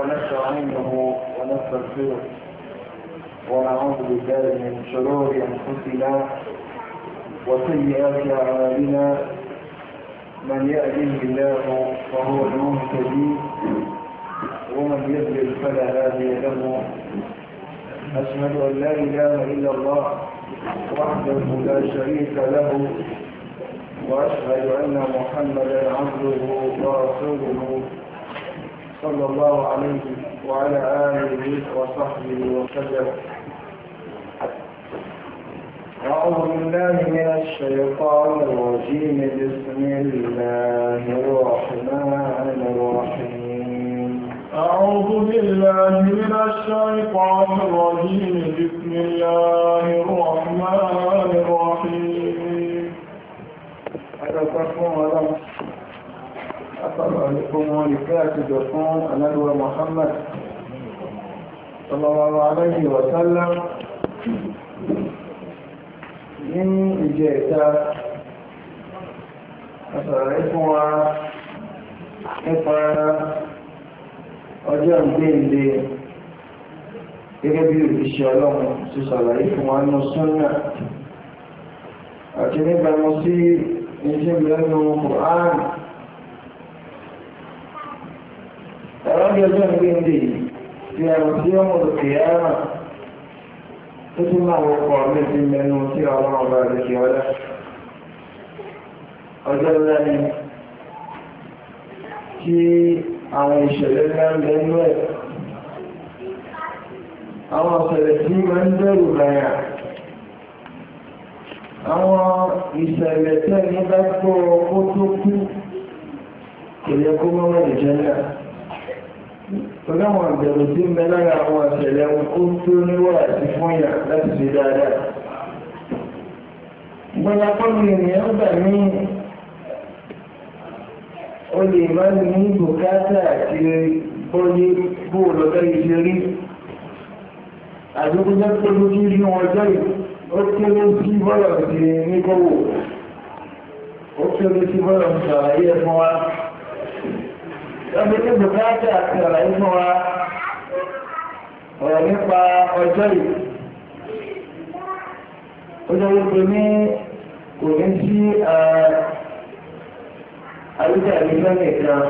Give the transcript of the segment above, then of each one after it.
ونستعينه ونستغفره ونعوذ بالله من شرور انفسنا وسيئات اعمالنا من يأذن الله فهو المهتدي ومن يضلل فلا هادي له أشهد أن لا إله إلا الله وحده لا شريك له وأشهد أن محمدا عبده ورسوله صلى الله عليه وعلى آله وصحبه وسلم أعوذ بالله من الشيطان الرجيم بسم الله الرحمن الرحيم أعوذ بالله من الشيطان الرجيم بسم الله الرحمن الرحيم أتفهم ولم ọ̀lẹ́kùnmọ́ ìfẹ́ àtijọ́ fún anábíwá Muhammad sallallahu alayhi wa sallam ní ìjẹ́ ìta àṣàrẹ́ fún wa nípa ọjọ́ ìgbéǹde gẹ́gẹ́ bí òṣìṣẹ́ ọlọ́run ti ṣàlàyé fún wa nínú súnnà àti nígbàmọ́ sí ìṣẹ́ ìlẹ́nu Kùránì ẹ̀rọ bí ọjọ́ ìgbé ń dè tí ẹ̀rọ tí ó mọ̀ lòkè ẹ̀rọ tó tún máa ti mẹnu tí ọlọ́run ọba rẹ̀ ṣe ọlá ọjọ́ ńlá ni kí àwọn ìṣẹ̀lẹ̀ ńlá ń bẹ nú ẹ̀ àwọn ọ̀sẹ̀lẹ̀ tí máa ń dẹ́rù bàyà àwọn ìṣẹ̀lẹ̀ tẹ́ni bá gbọ́ ọkọ̀ tó kú kò yẹ kó Sọ́dáwọn àbẹ̀rù tí ń bẹ lára àwọn àṣẹlẹ̀ wọn ó tó níwọ̀ àti fún yà láti ṣe dáadáa. Gbọ́dá pọ́nmi ènìyàn gbà ní o lè má ní bùkátà àti bọ́yé bó lọ́dọ̀ ìṣe rí. Àdúgbò jẹ́ pé lójú rí wọn jẹ́ ó kéré sí bọ́lọ̀ sí ní kọ́wò. Ó kéré sí bọ́lọ̀ sí àlàyé ẹ̀fọn wa wọ́n ti ní bùkátà àti ọ̀rọ̀ yìí fún wa ọ̀rọ̀ nípa ọjọ́ yìí. ó jẹ́ wípé ní kò ní sí àwùjọ àdìgbò nìkan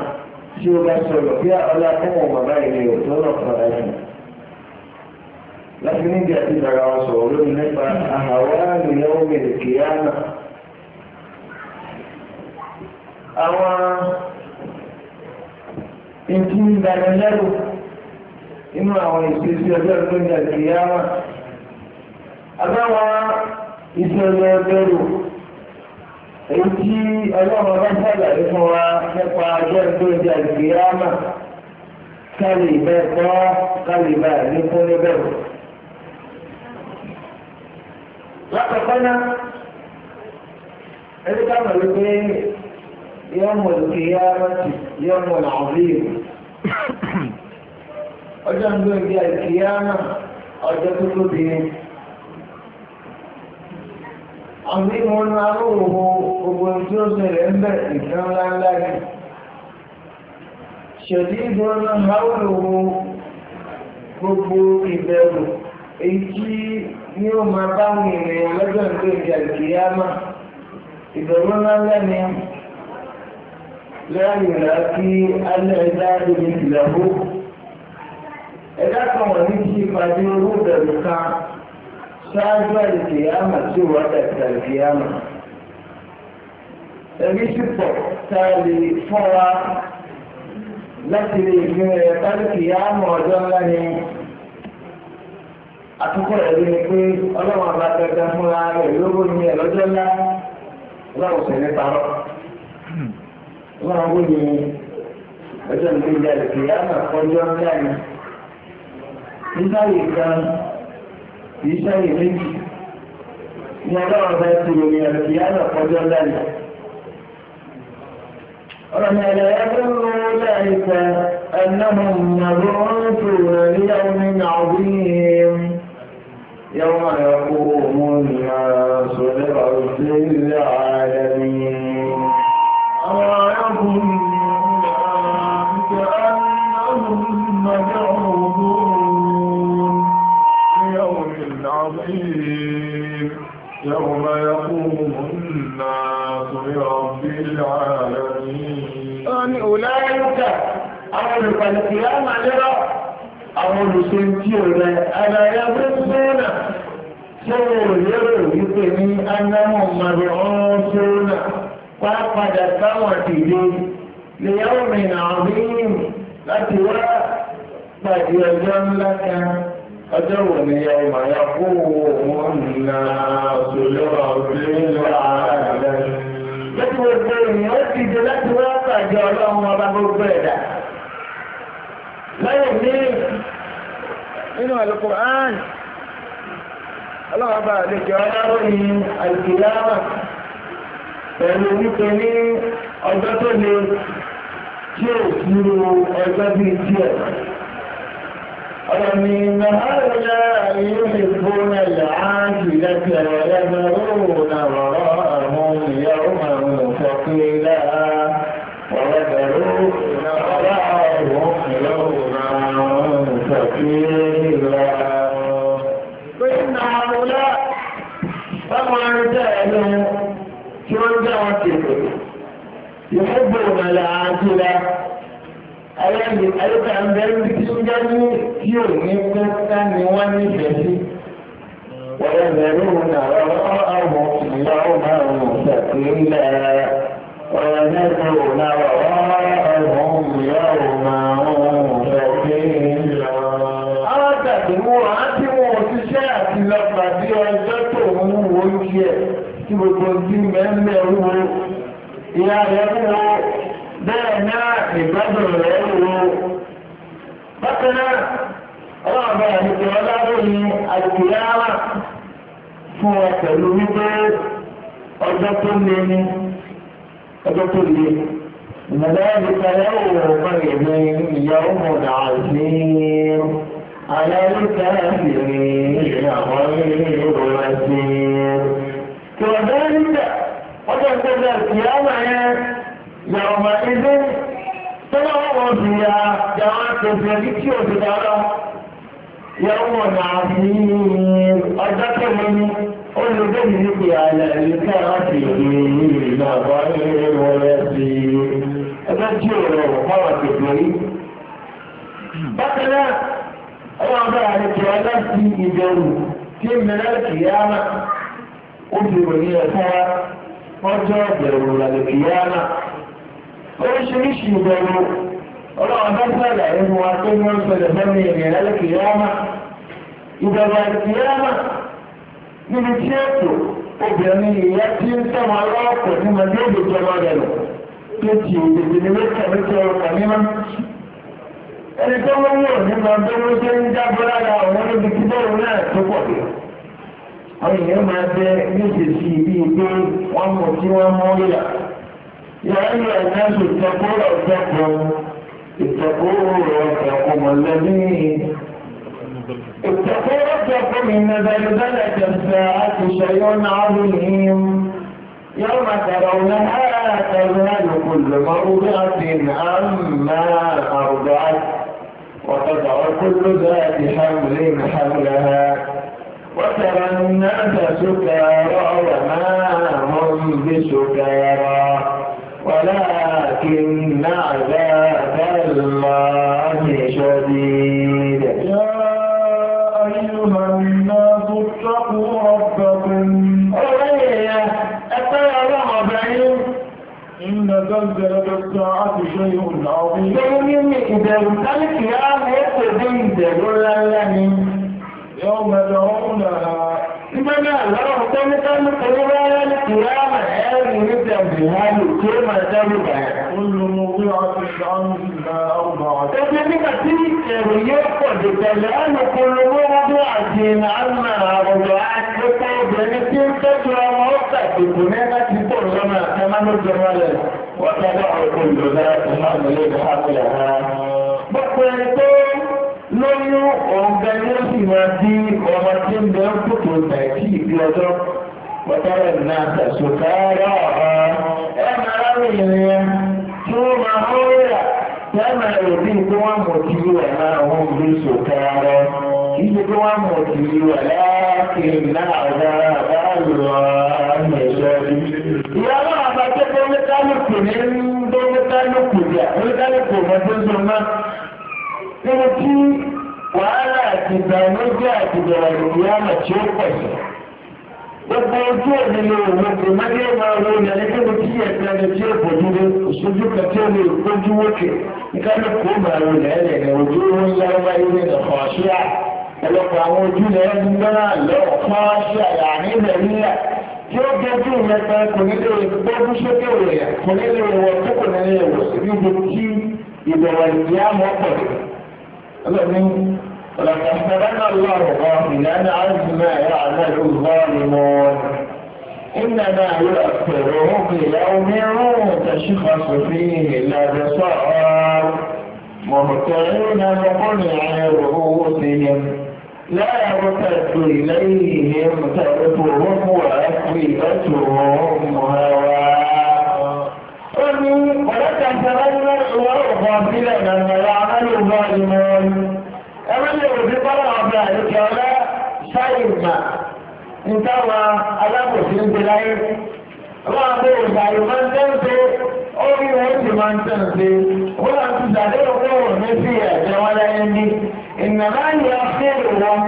tí ó bá sọ̀rọ̀ bí ọlá fún wọn bàbá ìlú òtún ọ̀nà fún ẹ̀sìn. láti níbi àti ìbára wọn sọ̀rọ̀ lórí nípa àhàwá nìyẹn ó mèrè kìí àná. àwọn ìdí ìdánilẹ́rù inú àwọn ìṣesí ọjọ́ ìgbóni àgbéyàwó àbáwọn ìṣẹ̀lẹ̀ ọjọ́rò èyí tí ọlọ́run bá ṣàlàyé fún wa nípa ọjọ́ ìgbóni àgbéyàwó kálí ìbẹ́ẹ̀kọ́ kálí ìbáyà ní fún níbẹ̀rù. lákọ̀ọ́kọ́ náà ẹni ká mọ̀ wípé. يوم القيامة يوم عظيم ọjọ́ ń gbé ìgbé àìkíyámà ọjọ́ tó tóbi ni àwọn ìmọ̀ ní aróòwò gbogbo tí ó ṣẹlẹ̀ ń bẹ̀ ìfẹ́ ńláńlá ni ṣẹ̀dí gbogbo ìbẹ̀rù èyí tí máa bá lọ́jọ́ ń gbé ìgbé àìkíyámà ìbẹ̀rù lẹ́yìn rẹ̀ kí alẹ́ ẹ̀dá ibi ìlẹ̀kú. ẹ̀dá kan wọ̀ ní kí ìpàdé owó bẹ̀rù kan ṣáájú àìsèyámà tí wọ́n dàgbà ìfìyámà. ẹ̀rí sì pọ̀ tá a lè fọ́ wa láti lè fi rẹ̀ pálíkì yámà ọjọ́ ńlá ni àtúkọ̀ ẹ̀rí ni pé ọlọ́run àbá gẹ́gẹ́ fúnra rẹ̀ lówó ní ẹ̀ lọ́jọ́ ńlá ọlọ́run sì ní wọn wí ní ọjọ́ ìgbéga ìgbéga náà kọjọ́ ńlá ni nísàlẹ̀ kan kì í sàlẹ̀ méjì ní ọlọ́run bá ti ròyìn ìgbéga náà kọjọ́ ńlá ni. ومن يدعو ذلك أنهم مبعوثون ليوم عظيم يوم يقوم الناس لرب العالمين dìde lèyàwó mi náà rí láti wá pàdé ọjọ́ ńlá kan ọjọ́ wo ni ẹ mà yà kó wọn nà sọlọ́wọ́ ọ̀gbìn ààrẹ. lọ́tí gbogbo ènìyàn dìde láti wá pàdé ọlọ́run ọba gbogbo ẹ̀dá. láyé mi nínú Al-Qur'an ọlọ́run ọba àlejò ọlọ́run ni àìsílámà pẹ̀lú wípé ní ọjọ́ tó le tí ò fúru ọjọ́ bíi díẹ̀. ọ̀rọ̀ ni nàhálà yóò lè fún ẹ̀yà áàjì láti ẹ̀rọ ẹ̀yà lóòrùn àwọ̀rọ̀ àwọn ìyàwó àwọn òṣèpé lára ọ̀rọ̀ ẹ̀rọ jẹ́ wọn na na-arụkwa n'ime aa e ni i ome ne tanwae ei ụaaa atwụ osisi tinaaiha zọta mume mụi ibụoji ee wụ ìyá rẹ̀ wúwo bẹ́ẹ̀ náà ìgbádùn rẹ̀ wúwo. bákan náà ọlọ́run bá yà ní pé ọlọ́run àdìyáwá ọjọ́ tó lé ní ọjọ́ tó lé مذلك يوم الدين يوم عسير على الكافرين غير يسير ọjọ́ ìgbésẹ̀ ìyáwó yẹn yàrá ìdí tọ́lá wọn wọ́n fi ya yàrá tẹ̀sẹ̀ ní kí o ti dára yàwó náà ní ọjọ́ kẹ́lẹ́ ní olùdó mi ní pé àlẹ́ ìlú láti ìrìn náà wá ní ìwọlé sí i ẹgbẹ́ tí o rọ̀ fáwọn tètè rí. bákan náà ọwọ́ ọba àlejò aláṣí ìbẹ̀rù tí mẹ́rẹ́ẹ̀kì yára ó fi ròyìn ẹ̀fọ́ wa ọjọ́ ìbẹ̀rù làlùkìyàmà oríṣiríṣi ìbẹ̀rù ọlọ́run bá sọ̀rọ̀ ẹ̀rù wa tó ń wọ́n sọ̀rọ̀ sẹ́mi ìrìn làlùkìyàmà ìbẹ̀rù làlùkìyàmà níbi tí ètò obìnrin ìyá tí ń sọmọ aláwọ̀pọ̀ ní màdé ìdòjọba rẹ̀ lọ tó ti ìdèdè ní wọ́n kàwé tó ọkọ̀ mímọ́ ẹni tó wọ́n wọ̀ nípa bí wọ́n ṣe ń jábọ́ lára àwọn olóbi tí bọ́ọ̀lù náà tó pọ̀ àwọn èèyàn máa bẹ níṣèṣì bíi pé wọ́n mọ̀ tí wọ́n mọ̀ yà. يعلم الناس اتقوا ربكم اتقوا ربكم الذي اتقوا ربكم إن زلزلة الساعة شيء عظيم يوم ترونها تذهل كل مرضعة عما أرضعت وتضع كل ذات حمل حملها وترى الناس سكارى وما هم بسكارى ولكن عذاب الله شديد يا أيها الناس اتقوا ربكم أترى إن زلزلة الساعة شيء عظيم يوم يوم إذا تلك يا أخي تزيد ولا ي يوم ترونها بما لو تمتم قلوبا القيامة هذه تبدأ بها القيامة تبدأ كل موضعة عنها أوضعت تبدأ في تريق بتلان كل موضعة عنها أوضعت بطلبين تنتجر موقع في كنينة ترجمة تمام الجمال وتدع كل ذات ما نريد حقلها بطلبين lóyún ọ̀gá ni ó sì máa di ọmọ tí ń bẹ ń kòtò nàìjí ìbí ọjọ́ pọtara náà tẹ̀sùkárà ọ̀hán ẹ máa ń rìn rìn tí wọ́n máa ń rírà yàrá ìdí tí wọ́n mọ̀ sí rẹ̀ náà wọ́n bí sùkárà ìdí tí wọ́n mọ̀ sí rẹ̀ láàkìn náà rárá báyọ̀ ẹ̀ṣọ́ ìyàwó àbájẹ́ gómìnà lùkù ní gómìnà lùkù jà gómìnà lùkù mọ́tò sọ́mọ́ níbi tí wàhálà àti ìbànújẹ́ àti ìbẹ̀rẹ̀ ìyá àmà tí ó pẹ̀sẹ̀. Gbogbo ojú ẹ̀mí ni òun kò má dé máa lo ìyàní kí mo kí ẹ̀ka ẹni tí ó bòjú lé òṣojú kan tí ó lè kójú wókè nígbà tó kó máa lo ìyàní rẹ̀ ojú ó ń yára wáyé ní ẹ̀kọ́ àṣíà ọ̀pọ̀lọpọ̀ àwọn ojú rẹ̀ ń gbára lọ́wọ́ fún àṣíà àárín Nàìjíríà tí ó gbẹ́jú ìrẹsẹ̀ kò ní lè gbọ́dún sókè rẹ̀ kò ní lè wọ̀ tó kò ní lè wọ̀ أمين ولا تحسبن الله غافلا عما يعمل الظالمون إنما في ليوم تشخص فيه الأبصار مهطعين مقنعي رؤوسهم لا يرتد إليهم تركهم وأفئدتهم هواء ní ọ̀lẹ́ta ìjọba nínú ìwọ ọ̀pọ̀ sílẹ̀ nàìjíríà ẹ̀rọ alóògbà ìmọ̀ ọ̀lú. ẹ̀rọ ilé òbí bọ́lá ọ̀bẹ àyíkẹ́ ọ̀lẹ́ ṣáìmà ntáwa alábòsí ń gbé láyé. wọ́n á bẹ ìgbà ìmọ̀ ń tẹ́ǹtẹ́ orí wọn ti máa ń tẹ̀sí wọ́n á ti sàdéhùn fún òun ní sí ẹ̀jẹ̀ wọn lẹ́yìn ní ìnàláyà fẹ́ẹ̀rù wọn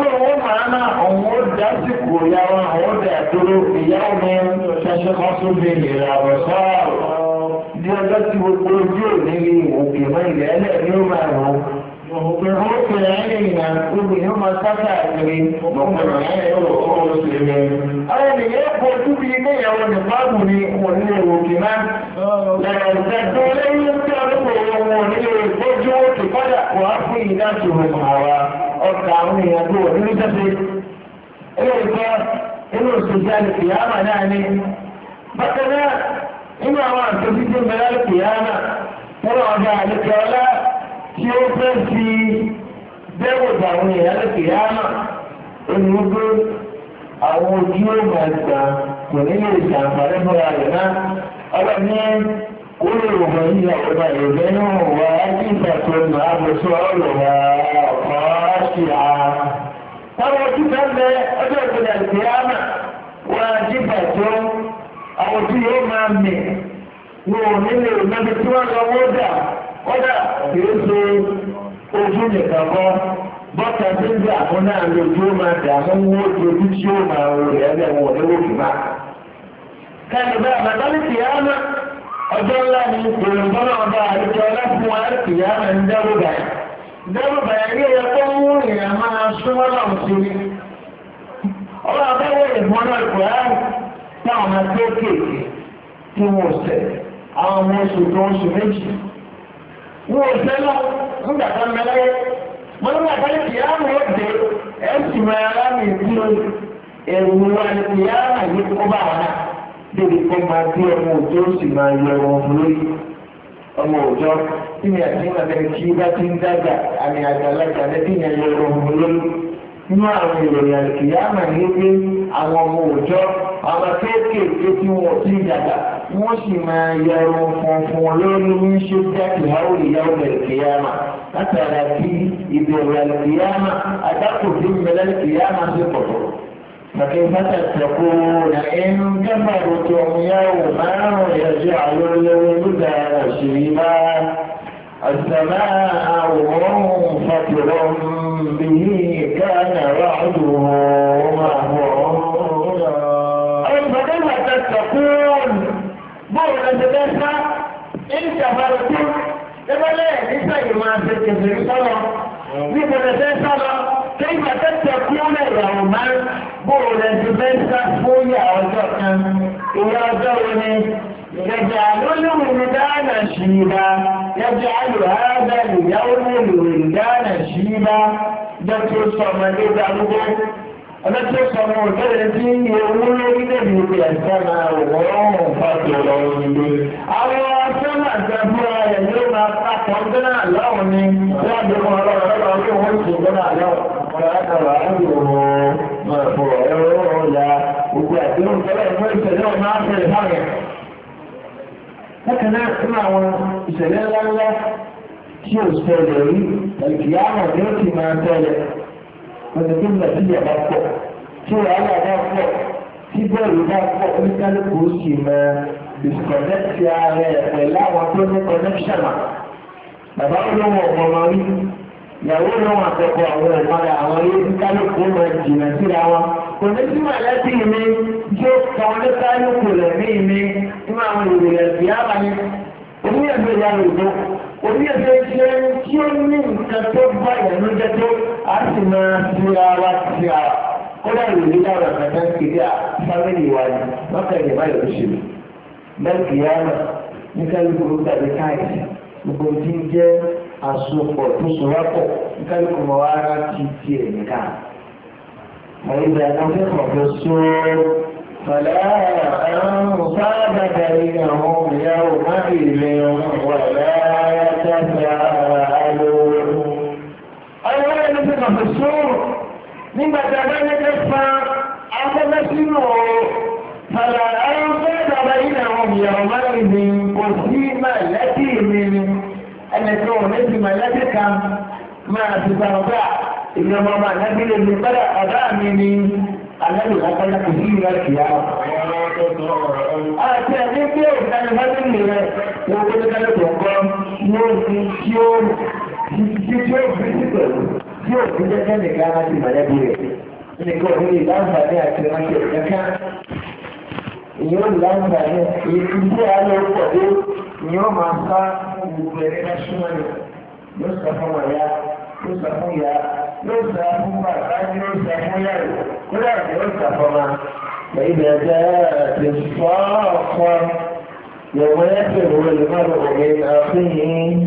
ọlọ́run màánà ọ̀hún ó dásìkò yàrá ọ̀hún ó dà dúró ìyáwó mi ṣẹṣẹ kan tó fi ìlera rẹ̀ sọ́ọ̀. Di ọjọ́ tí gbogbo ojú òní ni òkè mọ́ ilẹ̀ ẹlẹ́ ní ó máa wọ̀. Òkèrè òkèrè ẹ̀yìn náà gbogbo yóò máa sábà kiri ọmọkùnrin ẹ̀yìn yóò kọ́ oṣù mi. Àwọn ènìyàn kò tún fi ilé ìyàwó nìbáàbù ni kò ní lè wò kì máa. Lẹ̀rọ̀ ìṣẹ̀dún lẹ́yìn ọdún kò wọ̀ wọ̀ nílé ìgbójú òkè padà wà fún ìdájọ́ ìmọ̀ wa ọkà àwọn èèyàn tó wọ̀ nínú sẹ́sẹ́ eléyìí kọ́ inú òṣèlú àlùkìyàmà náà ni bákan náà inú àwọn àtúntí tó ń bẹ lálùkìyàmà wọ́n lọ́wọ́ bá àlùkìyàmà tí ó fẹ́ fi bẹ́wò àwọn èèyàn lálùkìyàmà olùwógbó àwọn ojú ó máa gbà kò ní lè ṣàǹfààní fúnra rẹ̀ náà ọlọ́ni olùwògbó yìí àwọn ọba ìrẹ̀lẹ́ náà wà á kí ìfàkùn àbòsọ ọ̀rọ̀ wà á. sí ara wọn. táwọn ojú kan lẹ ọjọ́ ìpínlẹ̀ àlùkìyàmà wọn àdìgbà tó àwọn ojú yóò máa mì wọn ò nílò ìmọ̀bí tí bọ́tà tí ń gbà fún náà lójú máa dà mọ́ tí ó máa rò rẹ̀ dẹ́rùbà ẹ̀rí ẹ̀ tó mú ìyà máa súnmọ́ náà sí ni. ọlọ́ abẹ́wò ìbọn náà kò rá táwọn máa tó kéèké tí wọ́n sẹ̀ àwọn ọmọ oṣù tó oṣù méjì. wọ́n mẹ́lẹ́ á sì máa rámì tí ó ẹ̀rù ọmọ òjọ tí mi àti ìmọ̀ bẹ́ẹ̀ tí bá ti ń dàgbà àmì àgbàlagbà lẹ́bí yẹn yọ ọmọ lórí. Nínú àwọn ìròyìn àìkìyà àmà ní pé àwọn ọmọ òjọ àwọn kéékèèké tí wọn ti dàgbà wọ́n sì máa yọrọ funfun lórí ní ṣókíákì àwọn ìyàwó àìkìyà àmà látara kí ìbẹ̀rù àìkìyà àmà àdàkùn tí ń bẹ lálẹ́ àìkìyà àmà ṣe pọ̀tọ̀. فكيف تتقون إن كفرتم يوما يجعل الولدان شيبا السماء منفطر به كان وعده مهورا فكيف تتقون بولا تدفع إن كفرتم لما لا يسأل ما سكت في الصلاة لما لا kẹ́yìn àtẹ̀tẹ̀ kúnlẹ̀ ìyàwó máa ń bòrò lẹ́sìn mẹ́ta fún ìyà ọjọ́ kan ìyà ọjọ́ wo ni yẹ̀jà lólùmí ni dáná ṣìlá yẹ̀jà lòhádà lòyàwó ní lòrì dáná ṣìlá ọjọ́ tó sọ ọmọ ẹgbẹ́ darúgbó ọjọ́ tó sọ ọmọ òkèlè tí ewu lórí lèbi ìpè ẹ̀ka máa wọ̀ ọ́n fàtó lọ́wọ́ nílé. àwọn sọ́nà àgbàbúrà rẹ̀ yóò máa pàtó ọdún náà lọ́wọ́ ni wọ́n á dé wọn lọ́wọ́ lọ́wọ́ kí wọ́n ti gbọ́dọ̀ àlọ́wọ́ àkàràkà wà á lò ó máa bọ̀ ẹ̀rọ ọ̀la gbogbo àdéhùn tọ́lá ìfọ́ ìṣẹ̀lẹ̀ ọ̀nà àfẹ́rẹ́ fáwọn. Bákan náà fún àwọn ìṣẹ̀lẹ̀ ńláńlá tí ò ṣẹlẹ̀ rí ẹ̀kìyà àwọn ni ó ti máa tẹ̀lẹ̀. Wọ́n ti gbé ìgbà bá pọ̀ tí wàhálà bá pọ̀ tí bọ́ọ̀lù bá pọ̀ oníkálukú sì máa disconnect ara ẹ̀ pẹ̀lú àwọn tó ní connection. Bàbá olówó ọ̀gbọ̀n máa rí ìyàwó náà wọn àtọkọ àwọn ọmọdé àwọn ilé kálukú máa jìnnà síra wọn kò ní sí màlẹ́tì mi jó kàwọn ní kálukú rẹ̀ ní ìmí nínú àwọn ìrìnlẹ̀ sí àbáyé oníyàgbé ìyá rẹ̀ tó oníyàgbé iṣẹ́ tí ó ní nǹkan tó bá ìyànú jẹ́ tó a sì máa síra wa síra kódà ìròyìn dára kàtà kéde à fámìlì wa ni wọn kà ní ìbáyọ̀ tó ṣe bẹ́ẹ̀ kìí àmà ní kálukú ló gbàgbé káyì gbogbo tí ń jẹ́ àsopọ̀ tó so wá pọ̀ kálukú mọ̀ wá rà ti ti ẹ̀ nìka. Àyíká náà fẹ́ kọ̀ fẹ́ so fàlẹ́ àrùn sábà dàrí àwọn ìyàwó má ìlẹ̀ ọ̀hún wà láyé dábàá àlọ́. Àwọn ọ̀rẹ́ mi fẹ́ kọ̀ fẹ́ so nígbà tí a bá ní kẹ́ fa akọ́fẹ́ sínú ọ̀rọ̀ fàlẹ́ àrùn sábà dàrí àwọn ìyàwó má ìlẹ̀ kò sí màlẹ́kì mi ni ẹnìkan ò ní ti mọ̀lẹ́bí kan máa ti gba ọ̀gá ìyẹn ọmọ ànábì lè ní bẹ́ẹ̀ ọ̀gá mi ni ànábì lápẹ́lá kò sí ìrẹ́ kìá. àti ẹni pé òkàlẹ̀ lọ́dún nìyẹn wọ́n kó ní kálí tó ń kọ́ ní oṣù tí ó ti tí ó fi sí pẹ̀lú tí ó fi jẹ́jẹ́ nìkan á ti mọ̀lẹ́bí rẹ̀ nìkan ò ní ìdáǹfààní àti ránṣẹ́ ìkẹ́kẹ́ ìyẹn ò ní ìdáǹfààní ìdí àlọ́ pọ̀ ni wọ́n máa bá gbogbo ẹ̀rẹ́ náṣúná rẹ̀ yóò sọ fún ọ̀yá yóò sọ fún ìyá yóò sọ fún bàbá yóò sọ fún ìyá kódà yóò sọ fún ọmọ. فإذا جاءت الصاخة يوم يفر المرء من أخيه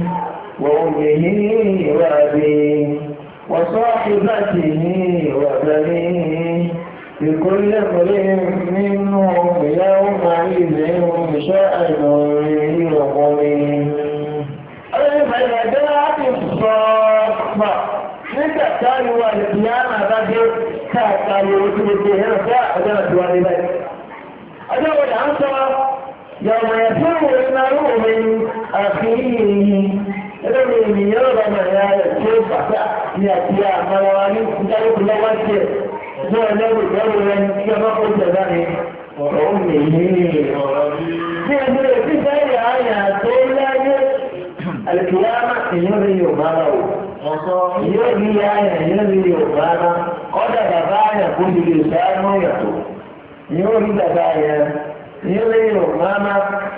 وأمه وأبيه وصاحبته وبنيه لكل امرئ منهم يوم يومئذ شأن يغنيه فإذا جاءت الصافة لتأتي والقيامة بدر تأتي وتبدي هنا ساعة جاءت والدك أجاب العنصر يوم يفر المرء من أخيه إذا من يرضى ما يتوفى يأتي أموالي كل لوجه ní ẹlẹ́rù lẹ́rù rẹ kí ọmọ kò tẹ̀ láre ọ̀rọ̀ mi yìí ọ̀rọ̀ mi. bí ẹni rẹ̀ ti fẹ́ yà á yà tó láyé àlùkìyà ìyẹn rí yorùbá rà o. ìyẹn rí yà á yà ìyẹn rí yorùbá rà ọ̀dà bàbá yà kó lè sáánú yàtọ̀. ìyẹn rí bàbá yà ìyẹn rí yorùbá rà.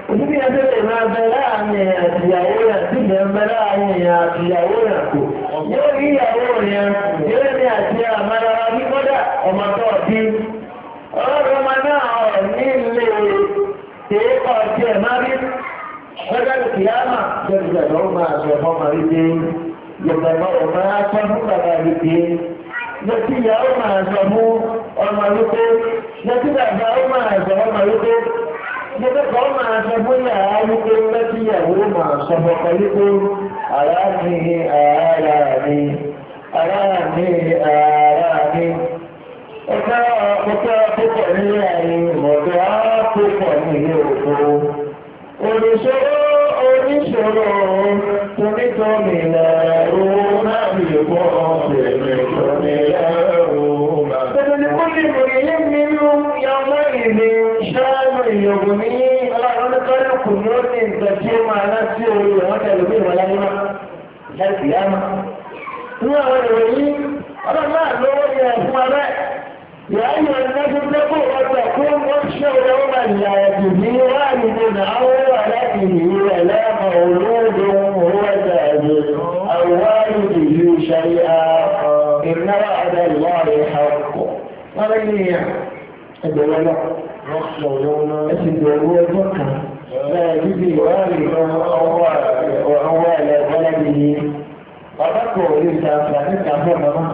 òbí ẹni rẹ̀ máa bẹ láàrin àtìyàwó yà sí ìyẹn bẹ àtìyàwó yà kó. ìyẹn rí ìyàwó yẹn ìyẹn rí àti àmàlà ọmọ tó bí ọlọ́run ọmọ náà ọ̀ nílé ṣe é kọ́ ọtí ẹ̀ má rí lọ́jọ́ ìkìyàmà jẹ́rìndínlẹ̀ lọ́wọ́ máa sọ ẹ̀fọ́ máa rí dé yorùbá lọ́wọ́ máa sọ fún bàbá rí dé lọ́tí ìyàwó máa sọ fún ọmọ wípé lọ́tí bàbá ó máa sọ ọmọ wípé lọ́tí kan máa sọ fún yàrá wípé lọ́tí ìyàwó máa sọ fọkàn wípé àrá mi àrá mi àrá mi àrá mi ọ̀tá ọ̀tá púpọ̀ nílé àyìn mọ̀tá púpọ̀ nílé òfo. Olùṣòro oníṣòro tónítóní náà owó náà lè pọ̀ bẹ̀rẹ̀ tóní ẹ̀rọ. Tẹ̀sán kó lè bẹ̀rẹ̀ yé mi ló yàgbá ìlú ṣáàmù ìyọ̀gùn ní ọlọ́dúnkọ́lùkù ní ó ní nǹkan tí ó máa ná sí orí ìwọ̀n tẹ̀lé bí ìwọ̀n láyé máa. Ìyá ìyá máa. Ní àwọn ìròyìn, ọlọ́run náà lówó ni ẹ̀ fún wa bẹ́ẹ̀. يا أيها الناس اتقوا ربكم واخشوا يوما لا يجزي والد عن ولده ولا مولود هو تاجر أو والده شيئا إن وعد الله حق ومن يعمل يوما لا يجزي والد عن ولده وذكروا لسان فانك فهمه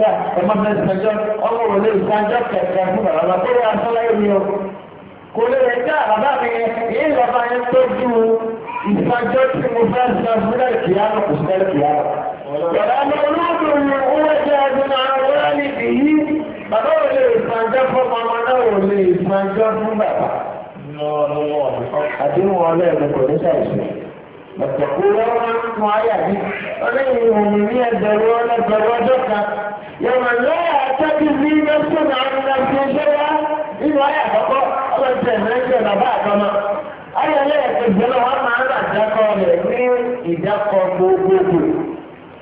yá ẹ̀mọ́ mẹ́rin sọ́jọ́ ọlọ́run lè sájọ́ kẹ̀kẹ́ fún bàbá bàbá tó wà sọ́láyé mi o. kò lè rẹ̀ dá bàbá mi yẹn èyí bàbá yẹn tó ju ìsọjọ́ tí mo fẹ́ sọ fúnlẹ̀ kìíyàwó kò fẹ́ kìíyàwó. bàbá mi olóògùn ni owó jẹ́ ọdún àwọn ẹlẹ́dì yìí bàbá ò lè sájọ́ fún ọmọ náà ò lè sájọ́ fún bàbá. àdéhùn ọlọ́ọ̀ ọ̀tẹ̀kù lọ́wọ́ nínú ayé àbí ọlẹ́yìn ìhòòhò ní ẹgbẹ̀rún ọlẹ́gbẹ̀rún ọjọ́ kan yọ̀rọ̀ lọ́wọ́ àtẹ́bí ní mẹ́sàn-án àwọn ọmọdé ṣẹ́ wá nínú ayé àkọ́kọ́ ọlọ́tẹ̀ mẹ́sàn-án bàbá àtọmọ. ayọ̀lẹ́ ẹ̀kẹ́jẹ́ náà wọ́n máa ń rà dákọ̀ rẹ̀ ní ìdákọ̀ gbogbogbò.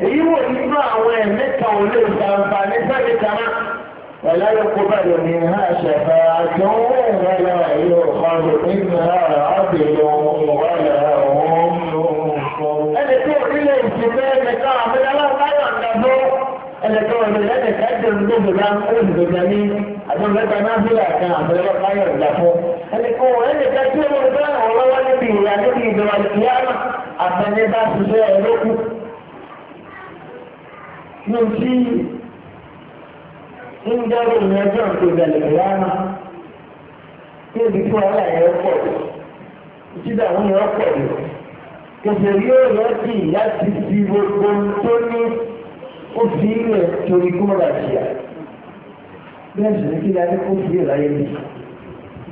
èyí wò nínú àwọn ẹ̀mí kan ò lè ṣàǹfà ní sẹ́yìn kan náà. ولا يقبل منها شفاعة ولا يؤخذ منها عدل ولا àwọn àbújá náà bá yọ̀ ǹda fún ẹnìkan ọ̀dọ̀ lẹ́tẹ̀ẹ̀tẹ̀ ẹ̀jẹ̀ gbogbo bá ń kó ìdòdò ní àbúrẹ́ta náà bí àkàn tí kẹsìrì èèyàn ti ìyá ti fi gbogbo tó ní ó fi ilẹ̀ torí kó má bàa jìyà bẹ́ẹ̀ sì ní kí ni a ní kó fi ìlà yẹn ní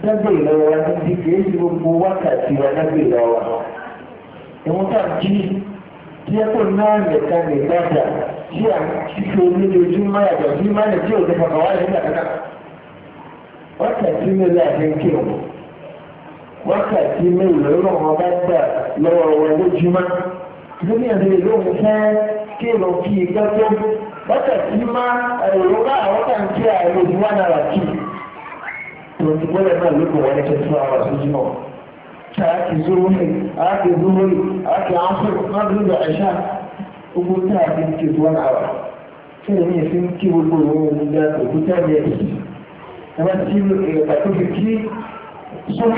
dábẹ́ ìlọ́wọ́ wa ní ti kìí ṣe gbogbo wákàtí wa dábẹ́ ìlọ́wọ́ wa ìwọ́n tá à ń jí tí ẹ kò náà nìkan lè dájà tí à ń ṣiṣẹ́ olójoojúmọ́ yàtọ̀ sí máa ń tí òde fọkàn wá lẹ́yìn àkàkà wákàtí mi lè àfi ń kírun. wákàtí mélòó lọ́wọ́ bá gbà lọ́wọ́ wọn lójúmọ́ lórí ẹ̀rọ lóhùn fẹ́ kí lọ kí igbá tó wákàtí má ẹ̀rọ bá àwọn kan kí àìrò ìwà náírà kì í náà ló kọ̀ wọ́n ní kẹsàn-án àwọn àṣojú náà kàákì zúrúhì àákì zúrúhì àákì da gbogbo tí a kí wọn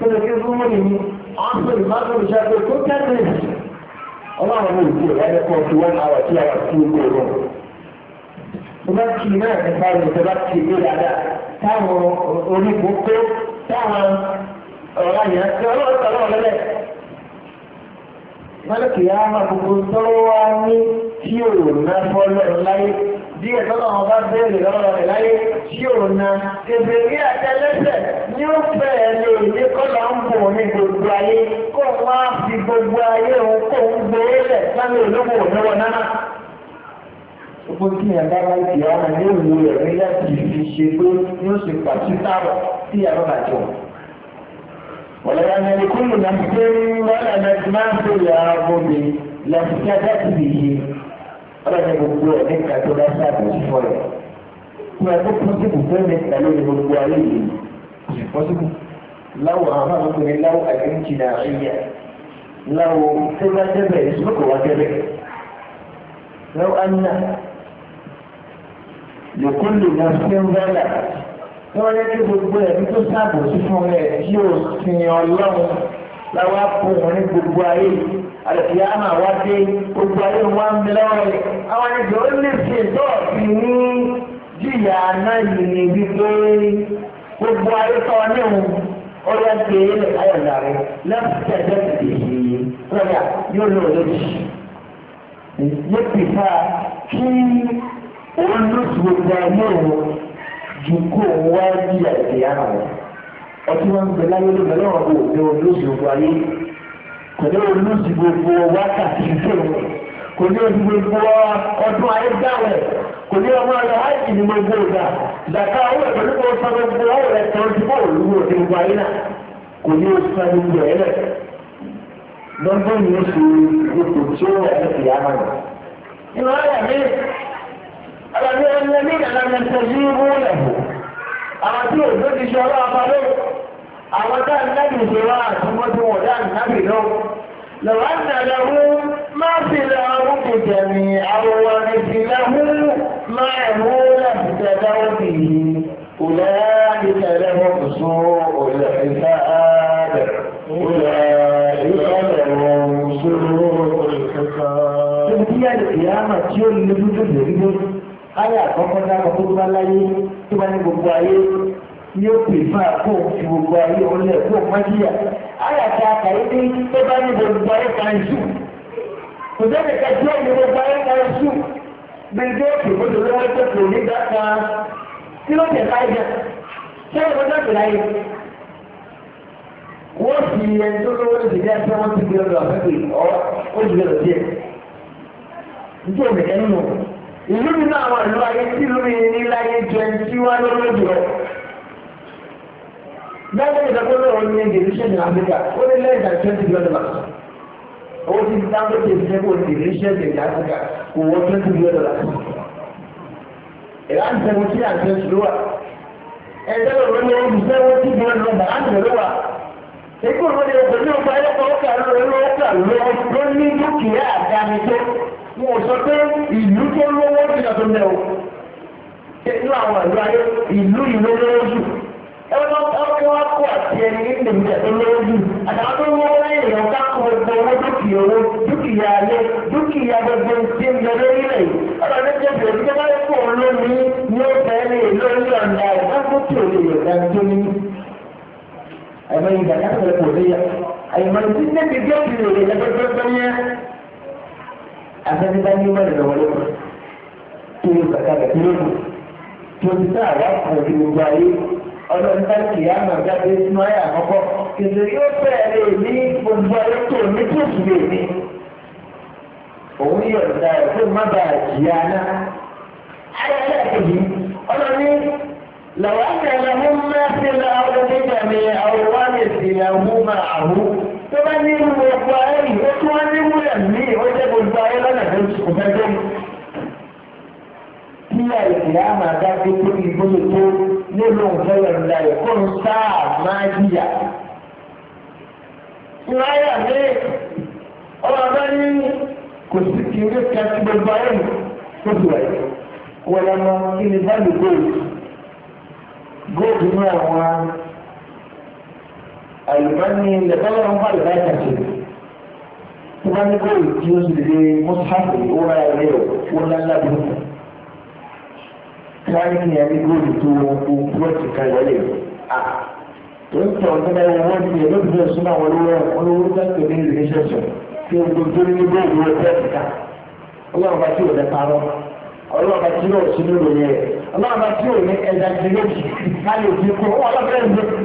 tó lè fi rúmọ́ nìyí wọ́n tó lè má tó lè ṣàkóso ọlọ́run ló ti ẹ̀rẹ́ kan tó wọ́n àwọn tí àwọn tí ó gbé lọ. mo bá kì í náà nípa rẹ̀ tó bá kì í gbé dáadáa táwọn onígun kó táwọn ọ̀rọ̀ àyàn tí ọlọ́run tọ́lọ́ ọ̀lẹ́lẹ̀ lálẹ́kì yá máa gbogbo tọ́wọ́ wá ní tí yóò ná fọ́lọ́ láyé díẹ̀ tọ́lọ́ wọn bá béèrè lọ́rọ̀ rẹ̀ láyé tí yóò ná kébè rí àtẹlẹsẹ̀ ní ó fẹ́ẹ̀ lè ní kọ́lá ń bò ní gbogbo ayé kó wá fi gbogbo ayé òun kó ń gbé e lẹ̀ lábẹ́ olóko òníwọ̀ náà. Gbogbo tí yẹn bá wá ìdí àwọn ilé ìwé rẹ̀ láti fi ṣe pé ní ó ṣe pàṣípàrọ̀ sí àbábàjọ́. ولأن لكل نفس ظلمت ما في الأرض لافتدت به ọlọ́run gbogbo ẹ̀mí kan tó bá ṣàbẹ̀wò fún ẹ̀. Ní ọdún pọ́sibù tó ní pẹ̀lú ní gbogbo ayé yìí, pọ́sibù láwọ̀ àwọn ọmọkùnrin láwọ̀ àgbẹ̀ǹkì náà ẹ̀yà láwọ̀ tó bá débẹ̀ ìṣòkò wá débẹ̀. Láwọ̀ àná lèkúlù náà fi ń bá là wọ́n yẹ kí gbogbo ẹ̀mí tó ṣàbòsí fún rẹ̀ tí ó sin ọlọ́run láwa fòun ní gbogbo ayé àti àmà wá dé gbogbo ayé wá ń bẹ lọ́wọ́ rẹ̀ àwọn ẹ̀jẹ̀ ó lè ṣe dọ́ọ̀tì ní jìyà náà yìí ní wípé gbogbo ayé tọ́ níhùn ọ̀rẹ́ àti èyí ayọ̀dà rẹ̀ lẹ́fẹ̀ẹ́ lẹ́fẹ̀ẹ́ yìí lọ́yà yóò lò lójì yóò pè kí olùsùn gbogbo ayé òun ju kó wá bí àìsè àrà wọn ọtí wọn ń bẹ láyé ló bẹ lọ́wọ́ bò ní olóòsì gbogbo ayé kò ní olóòsì gbogbo wákàtí ìfẹ́ wọn kò ní oṣù gbogbo ọdún ayé dáwẹ̀ kò ní ọmọ ọ̀rọ̀ àìsí ní gbogbo ìgbà dàkà owó ẹ̀ pẹ̀lú kò sọ gbogbo owó rẹ̀ tẹ̀ ojú bò lúwo ní gbogbo ayé náà kò ní oṣù sọ gbogbo ẹ̀ rẹ̀ lọ́gbọ́n ní oṣù gbogbo tí ó wà ní ìyá náà. ìwọ ẹ̀rọ ẹ̀rọ ní ìlànà ìtẹ̀sí irú rẹ̀ àwọn tí òjò ti ṣe ọlọ́ àbálẹ̀ àwọn tá ìnábì ṣe wá àtúmọ̀ tí wọ́n dá ìnábì lọ. lọ́wọ́ ìnàlẹ́wọ́ máa fi lọ àwọn kìkẹ̀ ní àwọn ìsìnlẹ́wọ́ máa mú láti tẹ̀lé òbí òlẹ́ ìtẹ̀lé òkùnso òlẹ́ ìta ààbẹ̀ òlẹ́ ìtẹ̀lẹ̀ òkùnso òlẹ́ ìta ààbẹ̀ ayé àkọ́kọ́ dábọ̀ tó bá láyé tó bá ní gbogbo ayé yóò pè fún àpò ti gbogbo ayé ọlẹ́ fún ọmọdéyà ayé àti àkàyé ní tó bá ní gbogbo ayé kan jù kò sẹ́ni ká tí ó ní gbogbo ayé kan jù bí tó kì í kótó lọ́wọ́ tó kì ní dáka kí ló tẹ̀ láyé jẹ kí ló tẹ̀ láyé wọ́n fi ẹni tó lọ́wọ́ lóṣèlú bí ẹni tó ti gbé ọ̀dọ̀ àfẹ́kù ọ̀ ó ti gbé díẹ̀ nítorí òmìnira nínú ìlú mi náà wà lọ ayé tí ìlú mi ní láyé jẹ tí wá lọ́wọ́ jùlọ. Bẹ́ẹ̀ni ìdàgbọ́n náà ní èdè ìrìṣẹ́ ní Áfíríkà, ó ní lẹ́yìn tàbí twenty billion dollars. Owó tí Dangote ti sẹ́kọ̀ ní ìrìṣẹ́ ní Áfíríkà kò wọ twenty billion dollars. Ìlànà ìṣẹ́gun tí àṣẹ ṣùlọ́ wà. Ẹ̀jẹ̀ lọ́wọ́ ní oṣù sẹ́wọ́n tí billion dollars á ṣẹlẹ̀ wà. Ikú ìwé ni ọ̀gbẹ́ni ọ̀gbà ẹ̀kọ́ ọ̀kà lọ́wọ́ ọ̀kà lọ́wọ́ wọn ò sọ pé ìlú tó lówó ti yàtọ̀ mẹ́ o inú àwọn ìlú ayé ìlú ìlú lówó jù ẹ wọ́n kí wọ́n kó àti ẹni ní ìlú ìjẹ́ tó lówó jù àtàwọn tó lówó lẹ́yìn èèyàn ká kó gbogbo owó dúkìá owó dúkìá alẹ́ dúkìá gbogbo ti ń yọlé nílẹ̀ yìí ọ̀rọ̀ ní ti ẹ̀sìn ìdíjẹ́ bá yẹ kó lómi ní ó fẹ́ lè e lórí ọ̀nà ìdájọ́ tí ò lè yọ̀dá tó ní ẹ̀mẹ́yìn ìdàkásọ̀rọ̀ kò lè yà àyìnbó afẹ́fẹ́ bá ní wọ́n lọ́wọ́ lọ́wọ́ tó yẹ bàtà bàtà lọ́wọ́ tó ti sá àwọn àti gbogbo ayé ọlọ́run bá kì í àmọ̀ jáde sínú ayé àkọ́kọ́ kìtì yóò bẹ̀rẹ̀ ní gbogbo ayé tó ní tó sì lè ní. òun yọ̀ǹda ẹ̀ fún má bàa jìyà náà. ayé aláàkejì ọlọ́ni làwọn àti ẹ̀rọ mú mẹ́sìlá ọlọ́dẹ́gbẹ̀mí àwọn wá lè sí ẹ̀hún máa hù tó bá ní irú gbogbo ayé yìí ó tún wá ní wúlẹ̀ mí ó jẹ́ gbogbo ayé lọ́nà tó kò fẹ́ tó. kí àìsè á máa dá sí pé ìgbóni tó nílò ìfẹ́lẹ̀ ńlá yẹ kó ń sáà máa jìyà. ìwà ayé àmì ọlọ́dọ́ ní kò sí kí n ké kí gbogbo ayé tó ti wáyé. wọ́n yà máa kí ni bá lè góòlù góòlù ní àwọn àlùmọ́nì ilẹ̀ tọ́lọ́ ń bá ìbáyà ṣe tí wọ́n ní bóyì tí ó sì lè mọ́sáfì ó ra ilé ọ̀ ó lálá bí wọ́n. káyọ̀ ní ẹni bóyì tó o gbọ́ ti ka lọ́lẹ̀ à tó ń tọ̀ ọ́dún náà wọ́n ti yẹ lóbi bẹ́ẹ̀ súnmọ́ àwọn olówó olówó dákẹ́ ní rìlẹ́ṣẹ̀ṣọ̀ tí o gbogbo ní bóyì wọ́n tẹ́ ti ọlọ́run bá tí ò lẹ́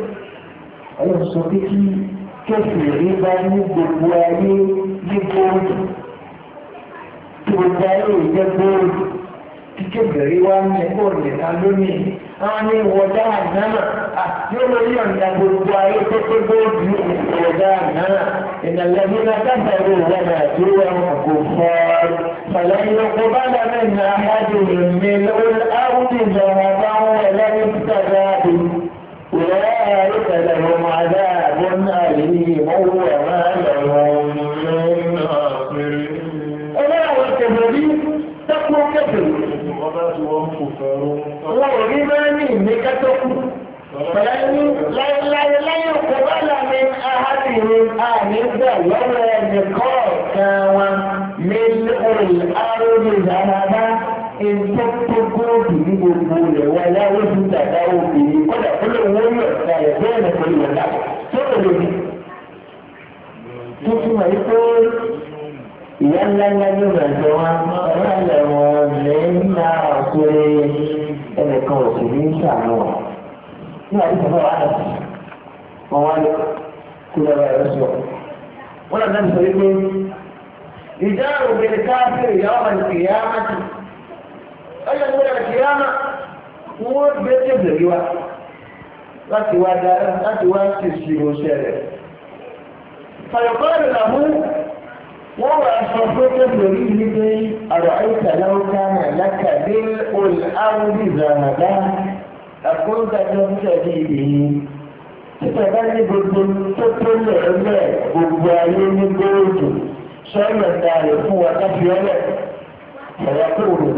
ọlọ́run sọ pé kí kẹ́sì rí bá ní gbogbo ayé ní bóòdù tí gbogbo ayé jẹ́ bóòdù tí kẹ́sì rí wá ní bóòdù nìkan lónìí àwọn ní ìwọ̀dá àdánà yóò lọ yọ̀ gbogbo ayé tó pé bóòdù ìwọ̀dá àdánà ìnàlẹ́bí náà kábàárò ìwọ̀dà àti ìwọ̀n kò fọ́ ọ. Fàlàyé ọkọ̀ bá dáná ìnà àádìrì mi lọ́wọ́.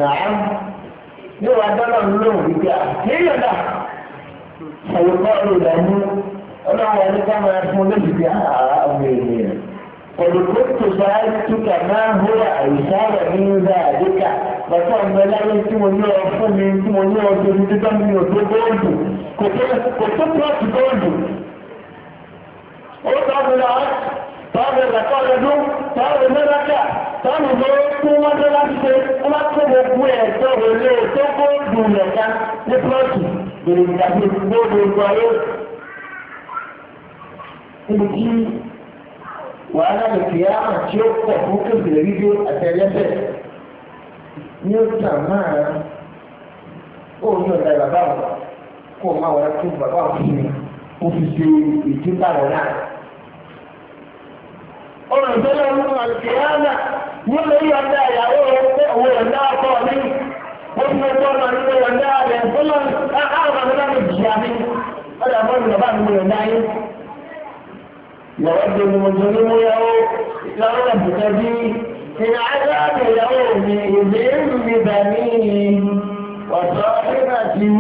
nàám yóò wá dáná lóhùn wípé à kéèyàn dà ṣàyè bọ́ọ̀lù ìdánú ọlọ́run ẹni ká máa fún lóṣù bí àwọn ènìyàn. Olùkọ́ tó sáà túkà máa ń hó àìsá rẹ̀ ní ìgbà àdékà. Bàtà ọ̀gbẹ́ láyé tọ́ọ̀rù ìrẹ̀kọ́ ọdún tọ́ọ̀rù mẹ́rẹ́kà tọ́ọ̀rù ló kún wọ́n dé láti ṣe wọ́n kó gbogbo ẹ̀ tọ́ọ̀rù ilé e tó kó dùn lẹ́ka ní plọ́ọ̀tù bèrè ìdàgbé gbogbo ayé. níbi tí wàhálà nìkìyà àti ó pọ̀ fún kékeré rídíò àtẹlẹsẹ̀ ní ó tà máa ó ní ọ̀dà bàbá wọn kó o máa wọlé kó bàbá wọn fún mi kó fi ṣe ìdíbàwọ̀ náà. ọ̀rọ̀ ìgbẹ́lẹ̀ ọdún àlùkìyàmà wọ́n a yọ̀ǹda ìyàwó rẹ̀ pé òun ọkọ mi wọ́n fi ọjọ́ ọmọ mi pé rẹ̀ na àwọn ọmọ mi jìyà mi ọ̀rọ̀ ya mi bàbá mi yọ̀ǹda yín. يود المجرم لو يبتدي من عذاب يومئذ ببنيه وصاحبته